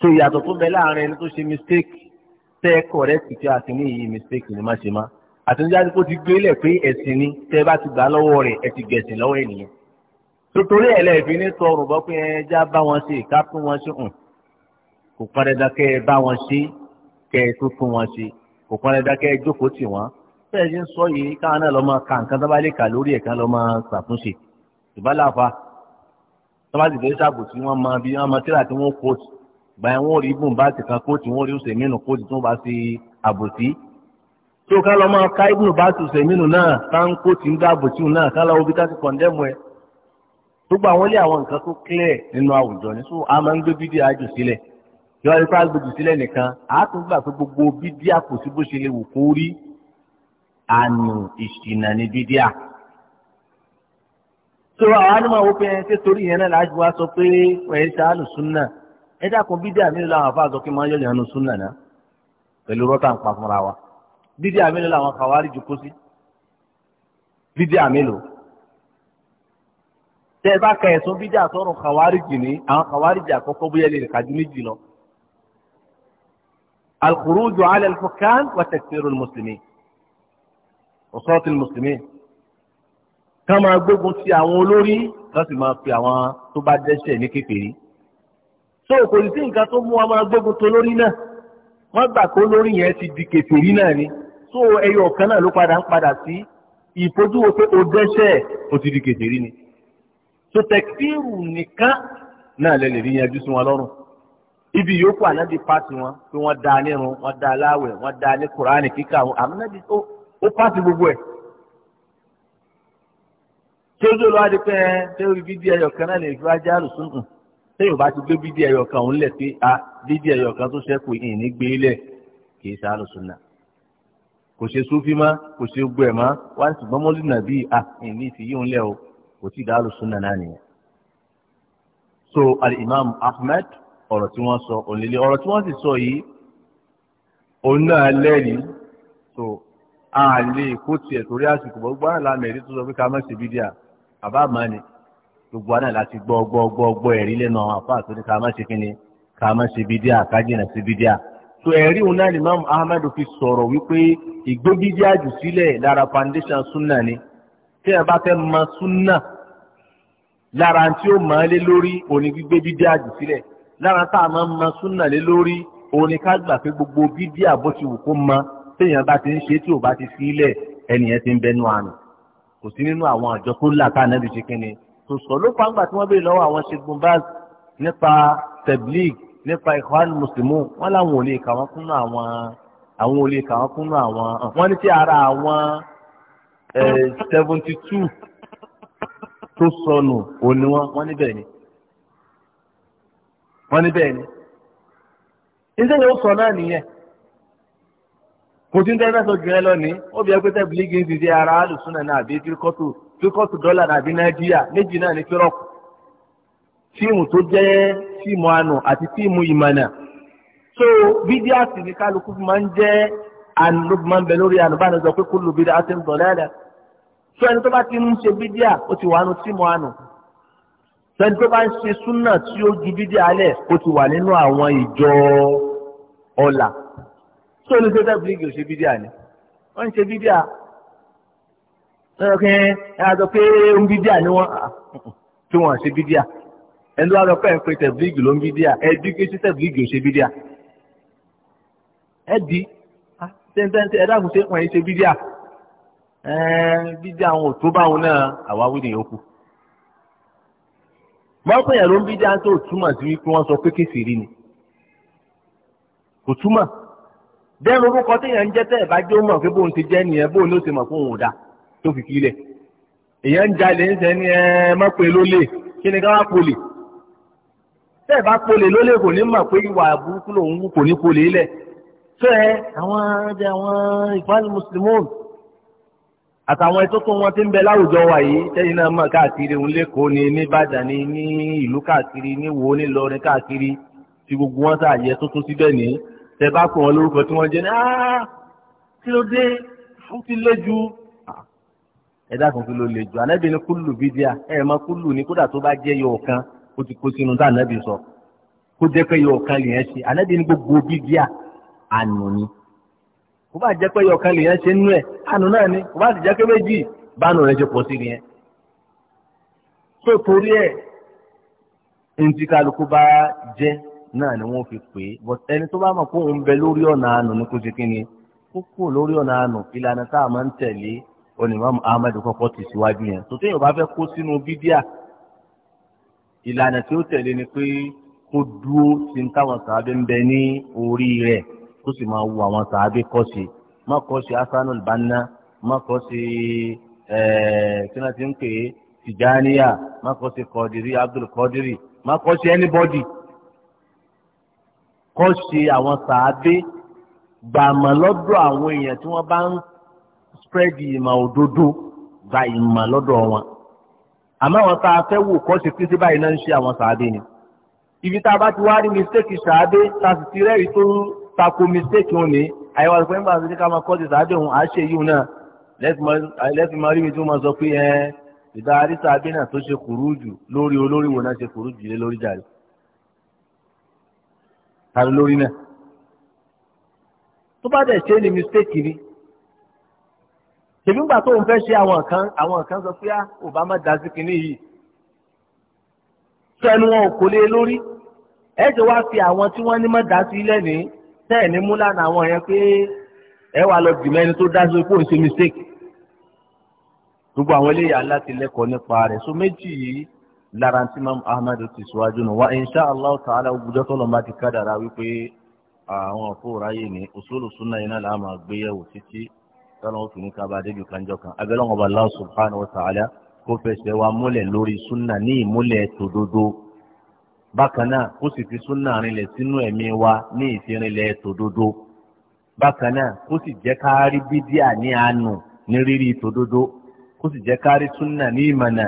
so ìyàtọ̀ tó bẹ láàrin ẹni tó ṣe mistake tẹ́ kọ̀rẹ́tì pé àtìní yìí mistake ni má ṣe má àtúnjáde kó ti gbélé pé ẹ̀sìn ni tẹ́ bá ti gbà lọ́wọ́ rẹ̀ ẹ ti gẹ̀sìn lọ́wọ́ ènìyàn torí ẹ̀ lẹ́ẹ̀fi ní sọ̀rọ̀ bọ́ pé ẹ já bá wọn ṣe ká fún wọn ṣe hàn kò pọn dandan kẹ́ ẹ bá wọn ṣe kẹ́ ẹ tó fún wọn ṣe kò pọn dandan kẹ́ ẹ jókòó tì wọ́n bẹ́ẹ̀ ṣe ń sọ yìí káwọn náà lọ máa ka nǹkan tó bá lè kà lórí ẹ̀ka lọ máa ṣàtúnṣe ìbálàfà tó bá sì fẹ́ ṣàbòsí wọn máa bí wọn máa tíra tí wọ́n kóòtù báyìí wọ́n rí ibùn bá ti kan kóòtù wọ́n rí ọ̀sẹ̀mínú kóòtù tó bá ti àbòsí. tó ká lọ́ máa ká ibùn bá ti ọ̀sẹ̀mínú náà ká ń kóòtù ń dá àbòsí náà ká lọ́wọ́ bí ká ti kọ̀ndẹ́mù ẹ̀. tó àwọn ilé àwọn nǹkan tó clear nínú àwùjọ ni so a máa ń gbé bídí àjò sílẹ̀ yọ ipá gbèjì sílẹ̀ nìkan a tún gbà pé gbogbo bídí àkòsí bó ṣe lè wò kó rí àmì ìṣìnà ní bídí à. so àwọn anímọ̀ wọ́pẹ́ ṣé torí yẹn náà láti wá sọ pé wẹ̀ẹ́ ṣáà lùsùn náà ẹ dákun bídí àmìlò làwọn afa àzọkí máa ń yọ lẹ́nu súnà náà pẹ̀lú rọ́tà ń pa fúnra wa bídí àmìlò làwọn kàwárí jù kó sí bídí àmìlò tẹ ẹ bá ka ẹ̀sùn bídí àtọ́rùn kàwárí jì ní àwọn kàwárí jì àkọ́kọ́ bóyá lè kàdú méjì lọ. الخروج على الحكام وتكفير المسلمين وصوت المسلمين كما gbógun ti àwọn olórí láti máa fi àwọn tó bá dẹ́ṣẹ̀ ní kékeré so kò sí nǹkan tó mú wa máa gbógun tó lórí náà wọ́n gbà kó lórí yẹn ti di kèfèrí náà ni so ẹyọ ọ̀kan náà ló padà ń padà sí ìfojúwo pé o dẹ́ṣẹ̀ o ti di kèfèrí ni so tẹ̀kíìrù nìkan náà lẹ́lẹ̀ rí yanjú sí wọn lọ́rùn ibi yòókù ànádi pàṣẹ wọn pé wọ́n da nírun wọ́n da aláwẹ̀ wọ́n da ní kuraani kíkà wọn ànádi ó pàṣẹ gbogbo ẹ̀ tí ó dé lọ́wọ́ adé pé ẹ tẹ́wọ́ ibi díẹ̀ ọ̀kan náà lè fi wá jẹ́ àlùsùn sẹ́yìn ò bá ti gbé bídí ẹyọ kan òun lẹ̀ pé a bídí ẹyọ kan tó ṣẹ́kù ìní gbé lẹ̀ kì í sáà lùsùn náà kò ṣe súnfí má kò ṣe gbọ ẹ̀ má wá sí gbọ́mọ́lì náà a ìní ti yí lẹ̀ o kò tí ì dáa lùsùn náà nìyẹn. so al-imam ahmed ọ̀rọ̀ tí wọ́n sọ òlélẹ̀ ọ̀rọ̀ tí wọ́n sì sọ yìí òun náà lẹ́yìn so a lè kó tiẹ̀ torí àsìkò gbogbo àlàmẹ̀rí tó sọ pé ká má ṣe bídíà gbogbo àná láti gbọ́ gbọ́ gbọ́ gbọ́ ẹ̀rí lẹ́nu àwọn àfáà tó ní ká má ṣe kí ni ká má ṣe bídíà ká jìnà sí bídíà tó ẹ̀rí òun náà ni Imam Ahmad fi sọ̀rọ̀ wípé ìgbé bídíà jù sílẹ̀ lára foundation sunna ni tí ẹ bá fẹ́ mọ sunna lára tí ó mọ̀ lé lórí òní gbígbé bídíà jù sílẹ̀ lára tá a máa mọ sunna lé lórí òní ká gbà pé gbogbo bídíà bó ti wù kó mọ téèyàn bá ti ń ṣe tí ò bá ti sílẹ̀ ẹnìyẹn ti ń bẹnu àná kò sí nínú àwọn àjọ tó là ká náà ṣe kí ni tó sọ ló fàǹgbà tí wọ́n béèrè lọ́wọ́ àwọn ṣègùn bá nípa tablig nípa ikhwan muslimun wọ́n láwọn ò lè kà wọ́n kúnnú àwọn àwọn ò lè kà wọ́n kúnnú àwọn wọ́n ní sí ara àwọn seventy two tó sọnù òní wọn wọ́n níbẹ̀ ni wọ́n níbẹ̀ ni iṣẹ́ yóò sọ náà nìyẹn kò tí ń tẹ́ fẹ́ sọ jù ẹ lọ ní ó bí ẹgbẹ́ ń ti di ara alùsùn náà àbí tíríkọ́tò fíkọ́tù dọ́là àbí nàìjíríà méjì náà ní fírọ́ọ̀kù fíìmù tó jẹ́ fíìmù àánú àti fíìmù ìmọ̀nà so bídíà sì ni kálukú máa ń jẹ́ àánú ló máa ń bẹ lórí àánú bá pé kó lu bídíà ti ń dọ̀ lẹ́lẹ̀ so ẹni tó bá ti ń ṣe bídíà ó ti wà nù fíìmù àánú so ẹni tó bá ń ṣe súnà tí ó ju bídíà alẹ̀ ó ti wà nínú àwọn ìjọ ọ̀la so ní sẹ́tẹ̀ bíríkì ò ṣe bídíà ni wọ́n ń ṣe bídíà lọ́dọ̀ kí ẹ sọ pé ń bí díà ni wọ́n ah, tí wọ́n ṣe bí díà ẹni tó wá lọ pẹ́ ń pe tẹ̀blígì ló ń bí díà ẹ bí kí ṣe tẹ̀blígì ò ṣe bí díà ẹ di ah, tẹ́ntẹ́ntẹ́ ẹ dákun ṣe wọ́n yìí ṣe bí díà bí díà àwọn báwọn náà àwa wí nìyóò kù. mọ́tò yẹn ló ń bí díà tó túmọ̀ sí wípé wọ́n sọ pé kéfìrí ni kò túmọ̀ bẹ́ẹ̀ lórúkọ téèyàn ń jẹ́ tẹ́ ẹ̀ bá jẹ́ ó mọ̀ pé bóun ti jẹ́ nìyẹn bóun ló ṣe mọ̀ fóun ò dáa tó fi kílẹ̀ èèyàn ń jalè ń sẹ́ ní ẹ má pe lólè kí ni ká wá polè tẹ́ẹ̀ bá polè lólè kò ní mọ̀ pé ìwà burúkú lòun kò ní polè lẹ̀ fẹ́ àwọn ẹ̀jẹ̀ àwọn ìfáàlì mùsùlùmí àtàwọn ẹ̀tọ́ tó wọn ti ń bẹ láwùjọ wa yìí tẹ́yìn náà mọ̀ káàkiri òun lẹ́kọ̀ọ́ ni nìbàdàn ni ní ìlú káàkiri ní wo ní lọrin káàkiri tí gbogbo wọn sà yẹ tó tó síbẹ̀ ní tẹ́ bá pọ̀ wọn lórúkọ tí wọ́n jẹ́ ní áá kí ló dé ó ti lé ju ẹ̀dá kan kí ló le jù ànábì ní kúlù bídíà ẹ̀ mọ kúlù ní kódà tó bá jẹ́ yọ ọ̀kan ó ti kó sínú tá ànábì sọ kó jẹ́ pé yọ ọ̀kan lèyẹn ṣe ànábì ní gbogbo bídíà ànú ni kó bá jẹ́ pé yọ ọ̀kan lèyẹn ṣe nú ẹ̀ ànú náà ni kó bá sì jẹ́ pé méjì bánu rẹ̀ ṣe pọ̀ sí nìyẹn. tó torí ẹ̀ ntí kálukú bá jẹ́ náà ni wọ́n fi pè é but ẹni tó bá mọ̀ kó òun bẹ lórí ọ̀nà àánú ni kó ṣe kí ni kó kú lórí ọ̀nà àánú ìlànà tá a máa ń tẹ̀lé onímọ̀mù ahmed kọ́kọ́ ti síwájú yẹn tó téèyàn bá fẹ́ kó sínú bídíà ìlànà tí ó tẹ̀lé ni pé kó dúró sí ní táwọn sàábé ń bẹ ní orí rẹ̀ kó sì máa wo àwọn sàábé kọ́ sí má kọ́ sí hasanul banna má kọ́ sí kí wọ́n ti ń pè é tijaniya má kọ́ sí kọ́dìrí abdul má kọ́ sí anybody kọ́ sí àwọn sàábé gbàmọ̀ lọ́dọ̀ àwọn èèyàn tí wọ́n bá ń spread ìmọ̀ òdodo gba ìmọ̀ lọ́dọ̀ wọn àmọ́ àwọn tá a fẹ́ wò kọ́ ṣe pín báyìí náà ń ṣe àwọn sàábé ni ibi tá a bá ti wá rí mistake sàábé tá a sì ti rẹ́rìí tó tako mistake òun ni àyẹ̀wò àti pẹ́ńpà àti ká máa kọ́ ti sàábé òun à á ṣe yìí náà lẹ́sìn máa rí mi tí wọ́n máa sọ pé ẹ ìdarí sàábé náà tó ṣe kùrú jù lórí olórí wo náà ṣe kùrú jù lé lórí jàre tó bá dẹ̀ ṣe ni mistake ni tèmi gbà tó ń fẹ́ ṣe àwọn kan àwọn kan sọ pé ah, Obama dá sí kinní yìí sọ ẹnu wọn ò kò lé lórí ẹ ti wá fi àwọn tí wọ́n ní mọ́ dá sí lẹ́nìí tẹ́ẹ̀ ní múlànà àwọn yẹn pé ẹ wà lọ dìmọ́ ẹni tó dá sí pé òun ṣe mistake gbogbo àwọn eléyà láti lẹ́kọ̀ọ́ nípa rẹ̀ so méjì yìí lára tí Imam Ahmad ti síwájú nù wá insha Allah ta'ala gbọdọ̀ tó lọ́mọ ti kádàrà wípé àwọn òfò ráyè ní usulu sunna yìí náà làá máa gbé yẹ̀wò títí tọ́lá ó fi ní kábàá débi kanjọ́ kan abẹ́lẹ́ wọn bá Allah subhanahu wa ta'ala kó fẹsẹ̀ wa múlẹ̀ lórí súnà ní ìmúlẹ̀ tòdodo bákan náà kó sì fi súnà rinlẹ̀ sínú ẹ̀mí wa ní ìfirinlẹ̀ tòdodo bákan kó sì jẹ́ ká bídíà ní àánú ní rírí tòdodo kó sì jẹ́ ká súnà ní ìmọ̀nà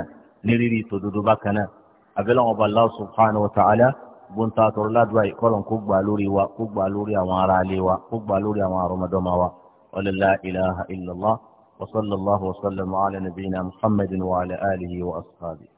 ní rírí tòdodo bákan náà abẹ́lẹ́ wọn subhanahu wa ta'ala gbóntàtọ̀rọ̀ ládùúgbà ìkọlọ̀ kó gbà lórí wa kó gbà lórí àwọn aráalé wa kó gbà lórí àwọn àrọ́mọdọ́mọ wa. ولا لا إله إلا الله وصلى الله وسلم على نبينا محمد وعلى آله وأصحابه